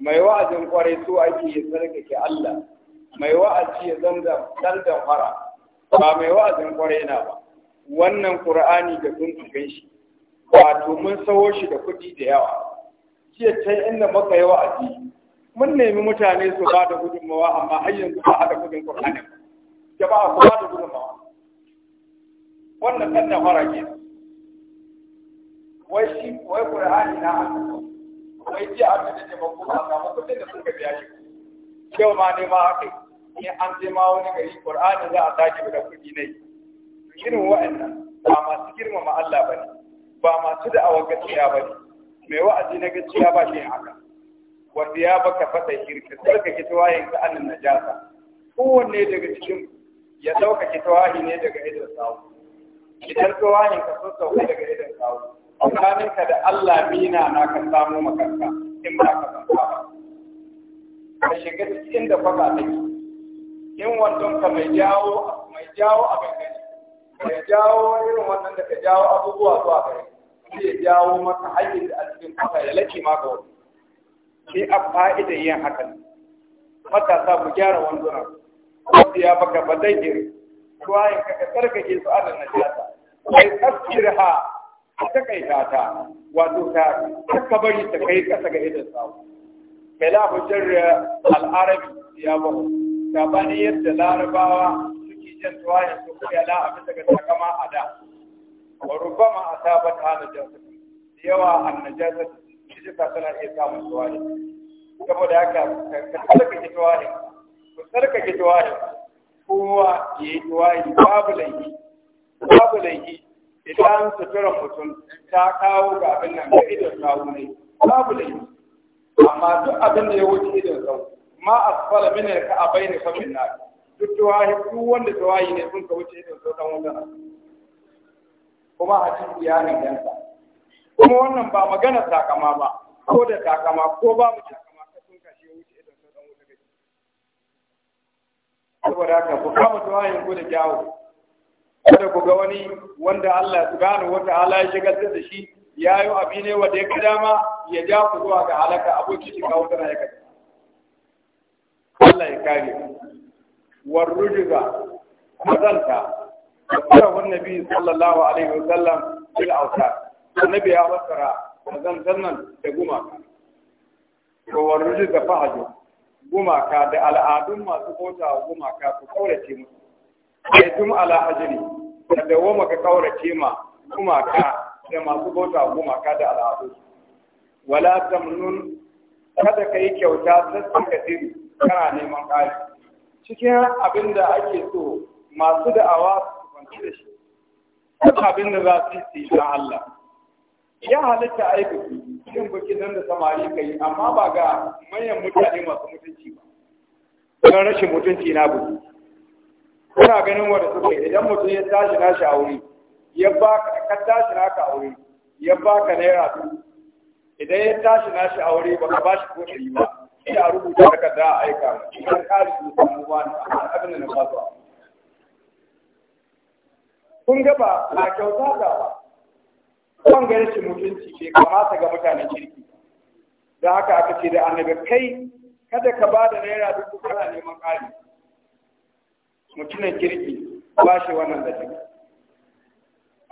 mai wa'azin kwarai su ake ya tsarkake Allah mai wa'azi ya zanga dar da fara ba mai wa'azin kwarai na ba wannan qur'ani da kun tukan shi wato mun sawo shi da kuɗi da yawa jiya ta inda yawa a ji, mun nemi mutane su ba da gudunmawa amma har yanzu ba haɗa kuɗin qur'ani ba a ba da gudunmawa wannan kan da fara ke wai shi wai qur'ani na wai jiya a da jama'a ku ba ga kuɗin da suka biya shi yau ma nema a kai. Ni an je ma wani gari qur'ani za a sake da kuɗi ne irin wa'annan ba masu girmama Allah ba ne ba masu da awa gaskiya ba ne mai wa'azi na gaciya ba shi haka wanda ya baka fata shirka sarka ki tawayin ka annan najasa kowanne daga cikin ya dauka ki tawahi ne daga idan sawu idan tawahin ka so sauka daga idan sawu tsakanin ka da Allah mina na ka samu makarka in ba ka san ba ka shiga cikin da faka take in wannan ka mai jawo mai jawo abin gani ka jawo irin wannan da ka jawo abubuwa zuwa gare ya jawo maka haƙƙi da cikin kafa ya lake ma ga wani shi a fa'idar yin hakan matasa mu gyara wanduna wasu ya baka ba zai gire tuwayin ka ka tsarkake su ala na jata kai tsakir ha ta kai ta wato ta ka bari ta kai kasa ga idan sawu kai la hujjar al'arabi ya ba ta bani yadda larabawa ki jan tuwayen su kuya la a bisa ga takama a da wa rubama a sabat hana jansu da yawa a najasa shi jika tana iya samun tuwayen saboda haka ka tsarkake tuwayen ku tsarkake tuwayen kowa ya yi tuwayen babu laifi babu laifi idan suturan mutum ta kawo ga abin nan ga idon sawu ne babu laifi amma duk abin da ya wuce idon sawu ma asfala min ka abaini fa min nar duk tawahi duk wanda tawahi ne sun ka wuce idan sautan wata kuma hadisi ya inganta kuma wannan ba magana takama ba ko da takama ko ba mu takama ka sun kashe wuce idan sautan wata gaji saboda haka ku kama tawahin ku da kyawu kada ku ga wani wanda Allah ya subhanahu wata'ala ya shigar da shi ya yi abi ne wanda ya dama ya ja ku zuwa ga halaka aboki shi kawo tana ya kada Allah ya kare warrujiga mazanta da farahun nabi sallallahu alaihi wasallam bil autar annabi ya fassara mazantan nan da gumaka to warrujiga fahajo gumaka da al'adun masu bauta wa gumaka su kaurace musu ai tum ala ajri da dawoma ka kaurace ma gumaka da masu bauta gumaka da wala tamnun kada ka yi kyauta sassan kasiri kana neman ƙari cikin abin da ake so masu da'awa su kwanci da shi duk abin da za su yi na Allah ya halitta a yi biki yin biki nan da samari ka yi amma ba ga manyan mutane masu mutunci ba don rashin mutunci na biki kuna ganin wanda suka yi idan mutum ya tashi na shi aure ya ba ka tashi na ka aure ya ba ka naira idan ya tashi na shi aure ba ka ba shi ko yi ba ina rubuta takarda a aika idan ka rubuta samu ba amma abin da na ba su kun ga ba na kyauta ga ba kan ga rashin mutunci bai kamata ga mutanen kirki da haka aka ce da annabi kai kada ka ba da naira dubu kana neman ƙari mutumin kirki ba shi wannan da shi,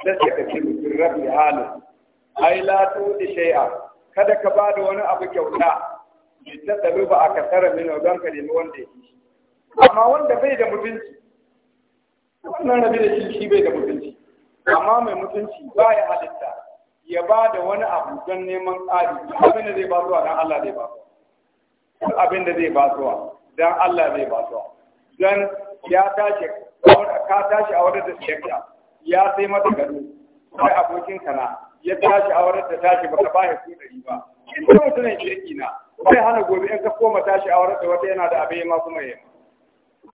da suka ce mutum rabi halin ai la tu da shay'a kada ka ba da wani abu kyauta ta tsalu ba a kasara mai don ka nemi wanda ya shi amma wanda bai da mutunci wannan rabi da shi shi bai da mutunci amma mai mutunci ba ya halitta ya ba da wani abu don neman ƙari abin da zai ba zuwa don Allah zai ba zuwa abin da zai ba zuwa don Allah zai ba zuwa don ya tashi ka tashi a wadda da ya sai mata gado sai abokin kana ya tashi a wadda da tashi ka ba ya su yi ba in ta mutumin kirki na sai hana gobe in ka koma tashi a wurin da wata yana da abin ma kuma yi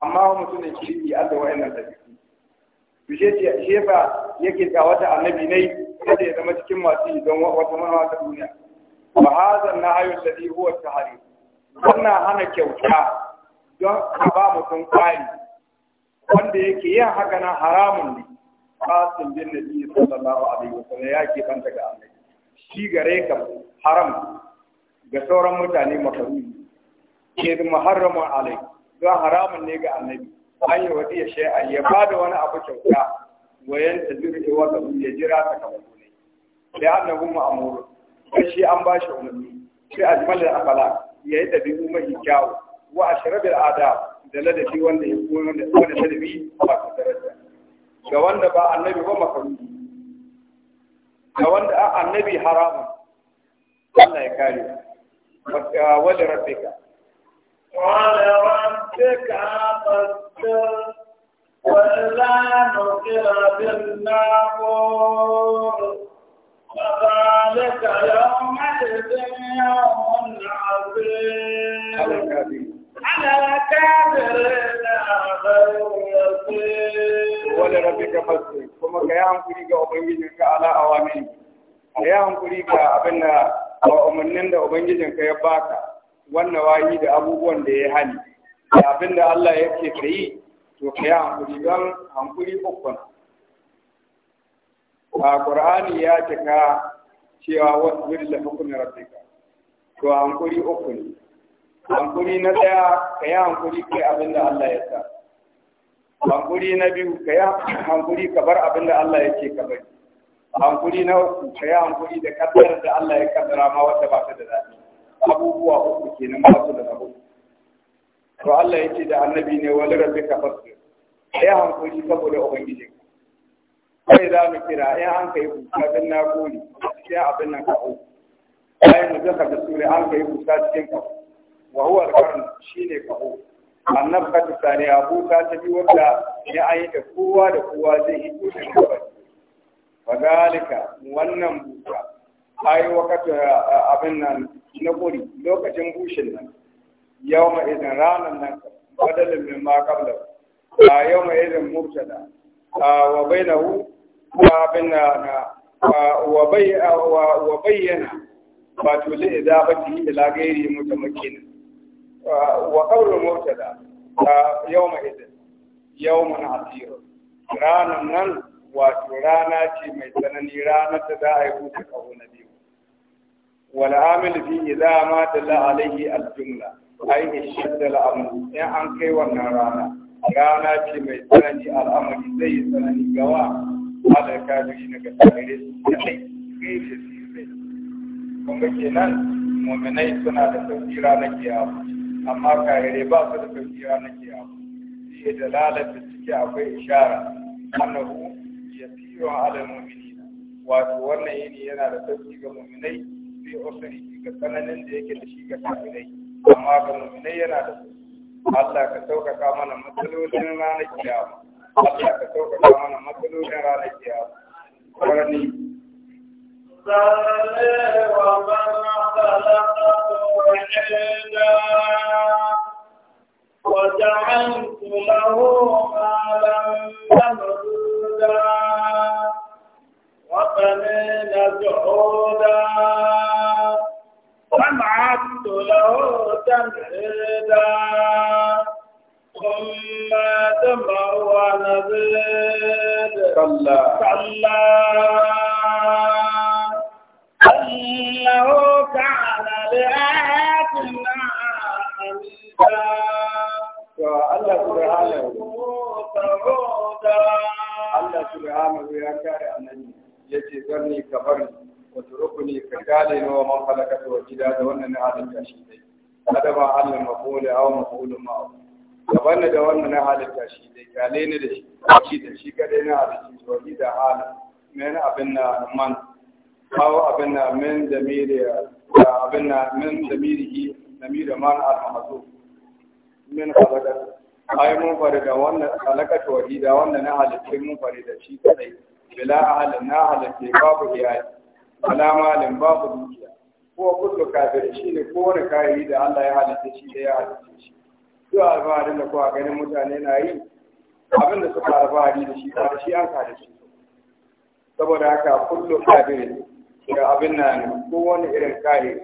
amma mutumin kirki an da wa'annan da biki to shi ba yake ga wata annabi ne kada ya zama cikin masu don wata manawa ta duniya fa na an-nahyu alladhi huwa at-tahrim wannan hana kyauta don a ba mutum kwari wanda yake yin haka na haramun ne fasin bin nabi sallallahu alaihi wasallam ya ke banta ga annabi shi gare ka haram ga sauran mutane makaruni ke haramun alai zuwa haramun ne ga annabi an yi wadiya shay'an ya da wani abu kyauta wayan ta zuri wata ya jira ta kamar ne da nagu ma'amuru sai shi an ba shi umarni sai ajmal al Ya yi dabi'u mai kyawu wa ashrab al ada da ladabi wanda ya kuma da wanda ladabi ba ta daraja ga wanda ba annabi ba makaruni ga wanda annabi haramun Allah ya kare wajen rabbika wala rabbika fasir wala nukira bin naqur فذلك يومئذ يوم عظيم Wani على ka ولربك kuma ka yi hankuri ga ubangijinka ala Ka yi hankuri ga abin da umarnin da ubangijinka ya baka wannan wayi da abubuwan da ya hani da abin da Allah ka yi to ka yi hankuri don hankuri ukkun a Qur'ani ya cika cewa wasu wuri wasbir li hukmi ka to hankuri ne. hankuri na daya ka yi hankuri kai abin da Allah ya sa hankuri na biyu ka yi hankuri ka bar abin da Allah ya ce ka bari hankuri na uku ka yi hankuri da kaddar da Allah ya kaddara ma wanda ba ta da zafi abubuwa uku ke ba su da rabo to Allah ya ce da annabi ne wani rabbi ka fasir ka yi hankuri saboda ubangiji kai za mu kira in an kai kuka don na gori sai abin nan ka hau bayan mu zaka da sura an kai kuka cikin kafa wa huwa al-qarn shine kaho annabka ta sani abu ta ta bi ya ayi da kowa da kowa zai yi tushen gabas fagalika wannan buta ai wakata abin nan na kuri lokacin bushin nan yau ma ranar nan badalin min ma kabla a yau ma izin murtada wa bainahu wa abin na wa bayyana wato li idabati ila gairi mutamakin wa qawlu mubtada yawma idin yawmun asir ranan nan wato rana ce mai tsanani ranar da za a yi buɗe kawo na biyu wal amil fi idza ma dalla alaihi al jumla ai ishadda al amr in an kai wannan rana rana ce mai tsanani al'amari zai yi tsanani gawa ala shi ga ne, mu'minai suna da sauki ranar kiyama amma kahire ba su da sauki na kiyama fiye da lalata ciki akwai ishara annahu yasiru ala mu'minina wato wannan yini yana da sauki ga mu'minai fi usri ga tsananin da yake da shi ga kafirai amma ga mu'minai yana da sauki Allah ka sauƙaƙa mana matsalolin ranar kiyama Allah ka sauƙaƙa mana matsalolin ranar kiyama Wani وجعلت له مالا ممدودا وبنين جحودا ومعدت له تمهيدا ثم دمع ونزيد كلا كلا إنه كان لآياتنا حميدا Allah ya rukuni ka kale ni wa gida da na halitta shi ma da na halitta shi da shi shi kadai na abin na man kawo abin na min damiri abin na min damiri damiri man al-mahzu min khalaqat ai mun da wannan khalaqat da wannan na halitta mun farida shi kadai bila ahalin na halitta babu iyali bila malin babu dukiya ko kullu kafir shi ne ko wani kayi da Allah ya halitta shi da ya halitta shi duk alfaharin da kuwa ganin mutane na yi abin da suka alfahari da shi ba da shi an kare shi saboda haka kullu kafir da abin na ne, ko wani irin kare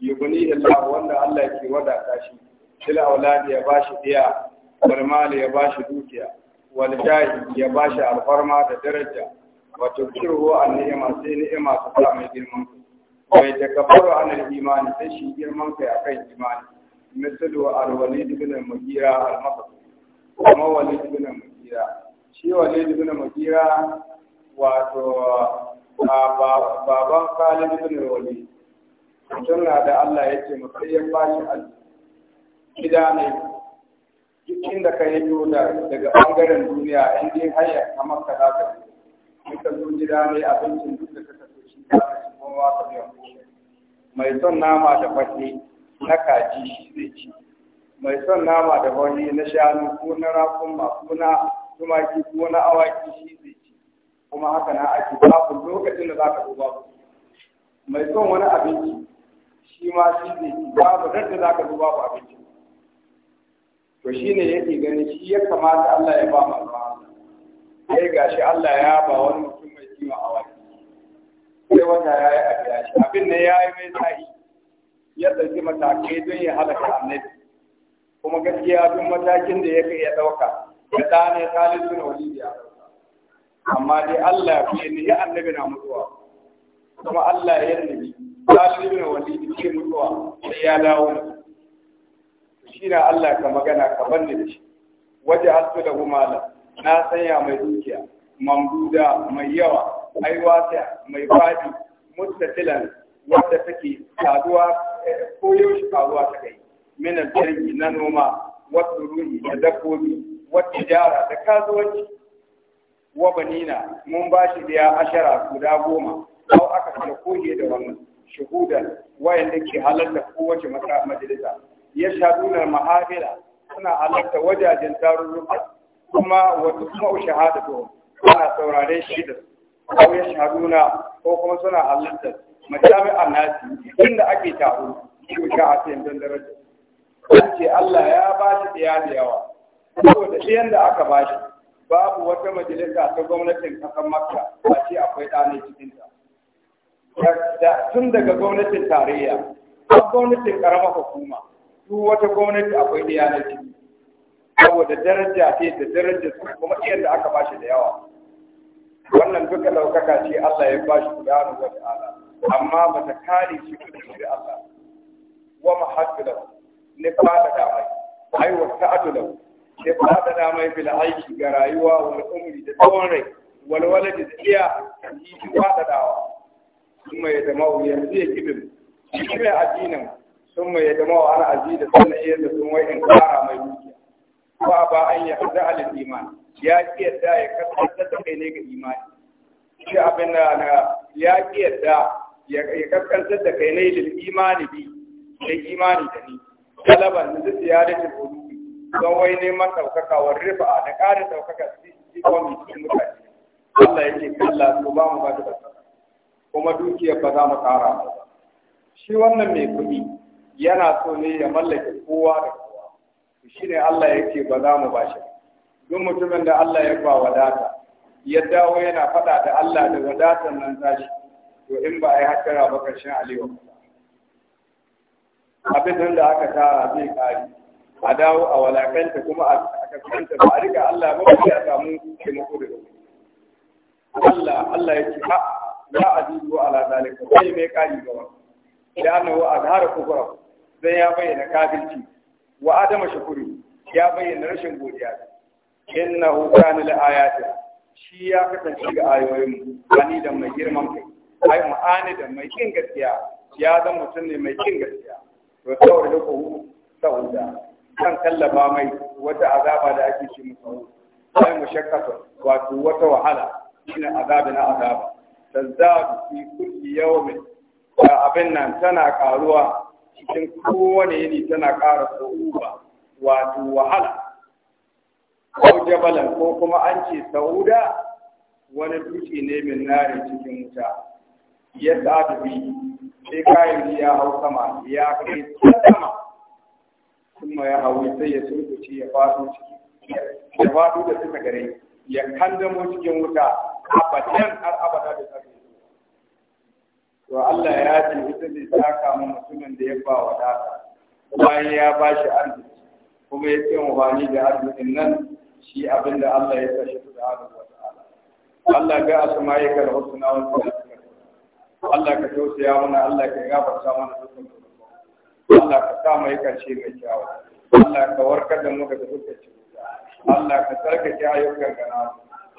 yuguni Allah wanda Allah ke wadata shi ila auladi ya bashi diya wal ya bashi dukiya wal jahi ya bashi alfarma da daraja wato kirhu an ni'ima sai ni'ima ta sa mai girman bai kafaru an imani sai shi girman kai akan imani misalu al-walid ibn al-mughira al-maqdisi kuma walid ibn al-mughira shi walid ibn al-mughira wato baban Khalid ne Walid mutum na da Allah ya ce matsayin bashi arziki gida ne duk inda ka yi da daga bangaren duniya in dai haya kamar ka da ka ka zo gida ne abincin duk da ka kaso shi ka ko kuma ka biya mai son nama da fahe na kaji shi zai ci mai son nama da wani na shanu ko na ma ko na tumaki ko na awaki shi zai ci kuma haka na ake babu lokacin da za ka duba ku mai son wani abinci shi ma shi ne babu nan da za ka duba ku abinci to shi ne yake gani shi ya kamata Allah ya ba manzo sai gashi Allah ya ba wani mutum mai kima a wani sai wata ya yi abiya shi abin da ya yi mai sahi ya ɗauki matakai don ya halaka annabi kuma gaskiya duk matakin da ya kai ya ɗauka ya ɗane salisu na amma dai Allah ya ni ya annabi na mutuwa kuma Allah ya annabi talibin wani ke mutuwa sai ya dawo shi na Allah ka magana ka banne da shi waje asu da gumala na sanya mai dukiya mamduda mai yawa ai mai fadi mustatilan wanda take saduwa eh, ko yaushe faruwa ta kai min al na noma wa da dabbobi wa tijara da kasuwanci wa banina mun ba shi biya ashara guda goma ko aka kala kohe da wannan shuhudan wayanda ke halarta kowace majalisa ya shaduna ma'abira suna halarta wajajen tarurruka kuma wata kuma shahadatu ana saurare shi da ko ya shaduna ko kuma suna halarta majami annasi inda ake taro shi ka a don daraja ce Allah ya ba shi da yawa saboda shi yanda aka ba shi babu wata majalisa ta gwamnatin kasar makka ba ce akwai ɗanai cikinta tun daga gwamnatin tarayya har gwamnatin ƙaramar hukuma duk wata gwamnati akwai da na ciki saboda daraja ce da daraja su kuma iyan da aka bashi da yawa wannan duka ɗaukaka ce Allah ya bashi gudanu wa ta'ala amma ba ta kare shi da Allah wa mahaddu lahu ne fada da mai ai wa da lahu ya da mai bil aiki ga rayuwa wal umri da tsawon rai walwala da iya yi shi faɗaɗawa sun mai da ma'u yanzu ya kibin shi mai addinin sun mai da ma'u ana aji da sannan iya da sun wai ƙara mai dukiya ba ba an yi hada alil iman ya ki yadda ya kaskantar da kai ne ga imani shi abin da na ya ki yadda ya kaskantar da kai ne lil imani bi da imani da ni talaban da ziyaratul don wai neman ɗaukaka wa rifa da ƙara ɗaukaka su kawai cikin mutane Allah ya kalla su ba mu ba da kuma dukiyar ba za mu ƙara ba shi wannan mai kuɗi yana so ne ya mallake kowa da kowa shi ne Allah ya ba za mu ba shi duk mutumin da Allah ya ba wadata ya dawo yana faɗa da Allah da wadatar nan tashi to in ba a yi hakkara ba ƙarshen ba. abin da aka tara zai kare. a dawo a walakanta kuma a kaskanta ba a rika Allah ba sai a samu taimako da Allah Allah ya ce ha za a wa ala zalika sai mai kari gaba da a azhara kufra dan ya bayyana kafirci wa adama shukuri ya bayyana rashin godiya na kana la ayati shi ya kasance ga ayoyin wani da mai girman kai ai ma'ani da mai kin gaskiya ya zama mutum ne mai kin gaskiya to saboda ko saboda kan kallaba mai wata azaba da ake shi musu sai mu shakkata wato wata wahala shine azabi na azaba tazadu fi kulli ya abin nan tana karuwa cikin kowane yini tana ƙara sa'uba wato wahala ko jabalan ko kuma an ce sauda wani dutse ne min nare cikin wuta ya da bi sai kayan ya hau sama ya kai sama kuma ya hau sai ya sulkuce ya fado ya fado da suka gare ya kandamo cikin wuta a abadan har abada da sarki to Allah ya ji ita zai saka mu mutumin da ya ba wa da bayan ya ba shi arziki kuma ya ce wani da arzikin nan shi abinda Allah ya tashi su da wa ta'ala Allah ga asma'ika al-husna wa Allah ka tausaya mana Allah ka gafarta mana dukkan Allah ka sa mai karshe mai kyawu Allah ka warkar da mu daga dukkan cuta Allah ka tsarkake ayyukan ka na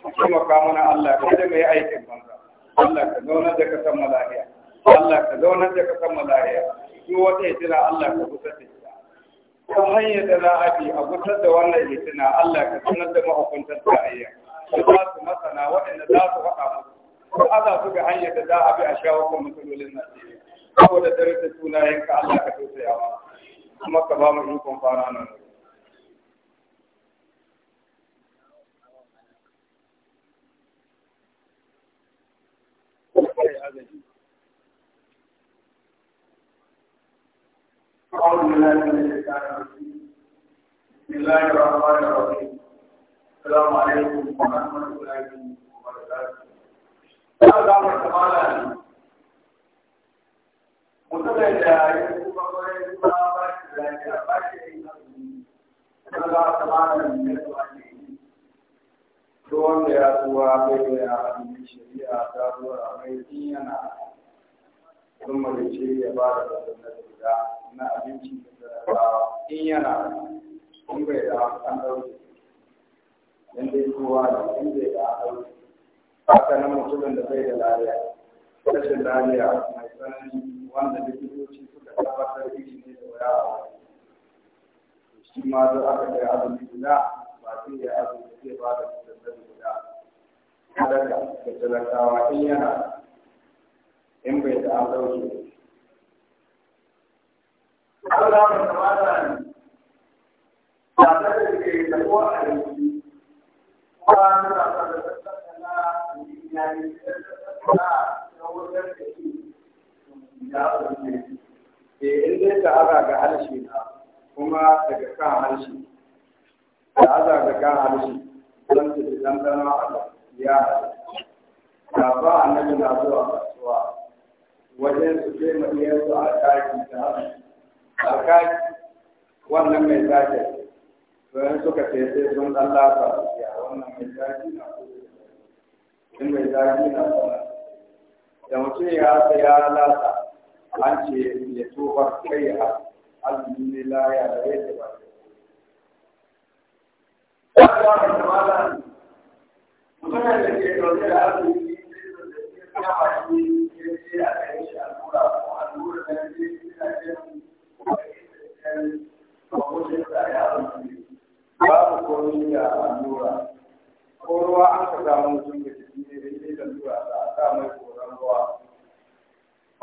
mu kuma ka mana Allah kada mai aikin banza Allah ka zauna da kasan malariya Allah ka zauna da kasan malariya duk wata hijira Allah ka kusa ta ita ta hanyar da za a bi a busar da wannan hijira Allah ka sanar da mahukuntar tarayya Ku ba su masana waɗanda za su faɗa musu Ku aza su ga hanyar da za a bi a shawo kan matsalolin Najeriya kawo da dare da sunayen ka Allah ka tausa yawa kuma ka ba mu ikon fara nan mutumin da ya kuma kuma da za da ya bai da ya shari'a ta zuwa in yana sun malice ya ba da na abinci da in yana in bai da da mutumin da bai da lafiya mai wanda likitoci suka tabbatar iri ne da waya a wani shi ma zo aka kai azumi guda ba zai yi azumi zai ba da tattalin guda sadaka da talakawa in yana in bai da an ɗauke Allah mai kamata ne, da da ke da kowa a yanzu, kuma nuna da tattalin na yanzu da tattalin na wajen da shi. ya ɗauke ke eh, in zai ta aza ga harshe na kuma daga kan harshe ta aza ga kan harshe don ta dan a ya ta ba annabi na zuwa kasuwa wajen su kai mabiyar su alkaki ta alkaki wannan mai zafi bayan suka ce sai sun dan lafa ya wannan mai zafi na in mai zafi na da mutum ya sai ya lafa an ce ya tofar kai a azumi ne laya da yadda ba ta Mutane da ke ɗauke da azumi ne da ya kama shi ya ce a kai shi allura ko allura da ya ce ina jin kwakwacin da ya azumi. Babu komi da allura. Ko ruwa an ka samu mutum da jiki ne da ya ce allura ta sa mai koran ruwa.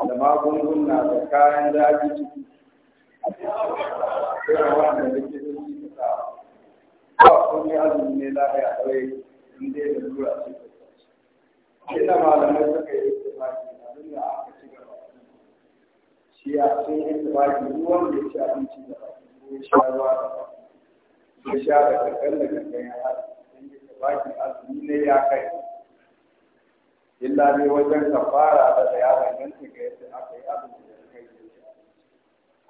da magunguna da kayan daji ciki irin wannan da ke zuci ka sa ba kun ne azumi ne za lafiya ɗauye in dai da lura ce ta sauci inda malamai suka yi ta istimaki abin da aka ci gaba shi ya ce yi istimaki duk wanda ya ci abinci da baki ko ya sha ruwa da baki ya sha da kankan da kankan ya haɗu sun yi istimaki azumi ne ya kai illa ne wajen kafara da da ya danganta ga yadda aka yi abin da ya kai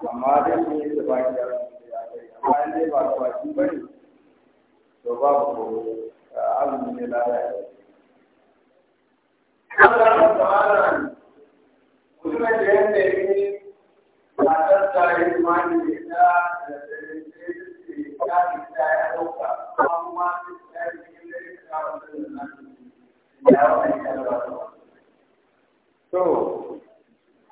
amma dai sun yi da baki ya rubuta ya kai amma in dai ba da baki ba ne to babu abin ne lalata Allah ta'ala mutumin da ya nemi matar ta yi mani da ta da ta ta ta ya ɗauka amma ta yi da ta da to a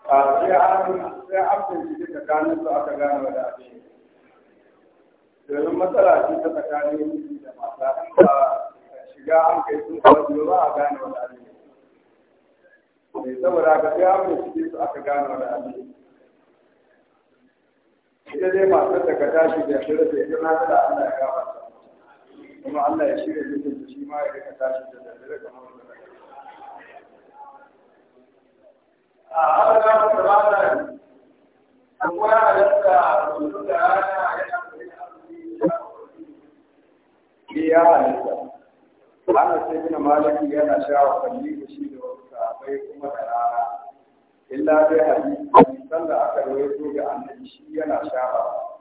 sai an sai abin shi tsakanin su aka gane da abin domin matsala ce ta tsakanin miji da mata in ba shiga an kai sun kawai ba a gane wani abin mai eh, saboda ka sai abin shi su aka gane wani abin ita dai masu da ka tashi da shirya da ita na da Allah ya gabata kuma Allah ya shirya mijin da shi ma ya rika tashi da daddare kamar da na a haka za mu da ba da akwai halatta mutum da rana ya shafi ya halatta Ana sai bin maliki yana shawa kalli da shi da wasu sahabbai kuma da rana illa dai hadisi sallah aka rawaito ga annabi shi yana shawa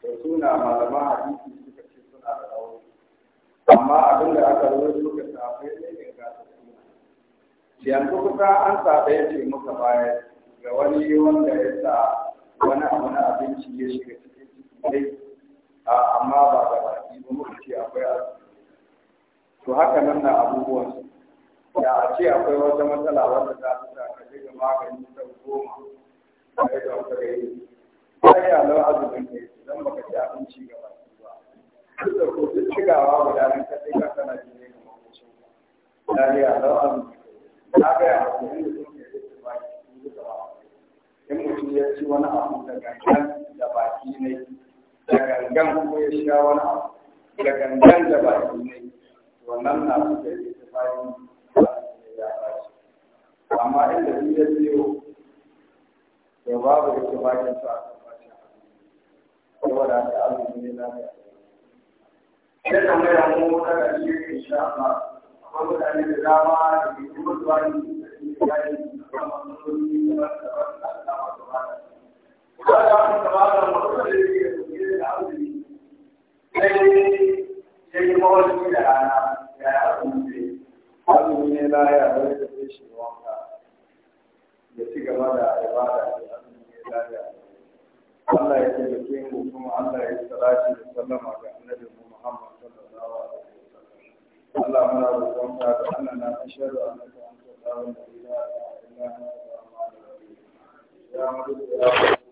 to suna malaman hadisi amma abin da aka rawaito ga sahabbai ne ne ga yanzu kuka an tafe ya ce muka baya ga wani wanda ya sa wani wani abinci ya shiga cikin ciki dai amma ba da baki ba muka ce akwai to haka nan na abubuwan su da a ce akwai wata matsala wanda za ta sa ka ga magani ta goma da yi da wata rai sai ya lau azumin ne don baka ci abinci ga duk da ko duk cigawa guda nan na in wani abu da gangan da baki ne da gangan ya wani abu da gangan da baki ne wannan na da amma biyo babu da a kan ya tambaya mu ta da shi ne insha Allah akwai mutane da dama da ke kuma zuwa ne da shi da yayi da matsaloli da da da masu ta ba ta mun da ba da ta, da yake da shi da aure sai sai kuma wani da rana ya yi abinci azumi ne na ya ta da shi wanka ya ci gaba da ibada da azumi ne na ya Allah ya taimake mu kuma Allah ya salati da sallama ga annabi Muhammad sallallahu alaihi wasallam Allah muna roƙonka da Allah na ashhadu annaka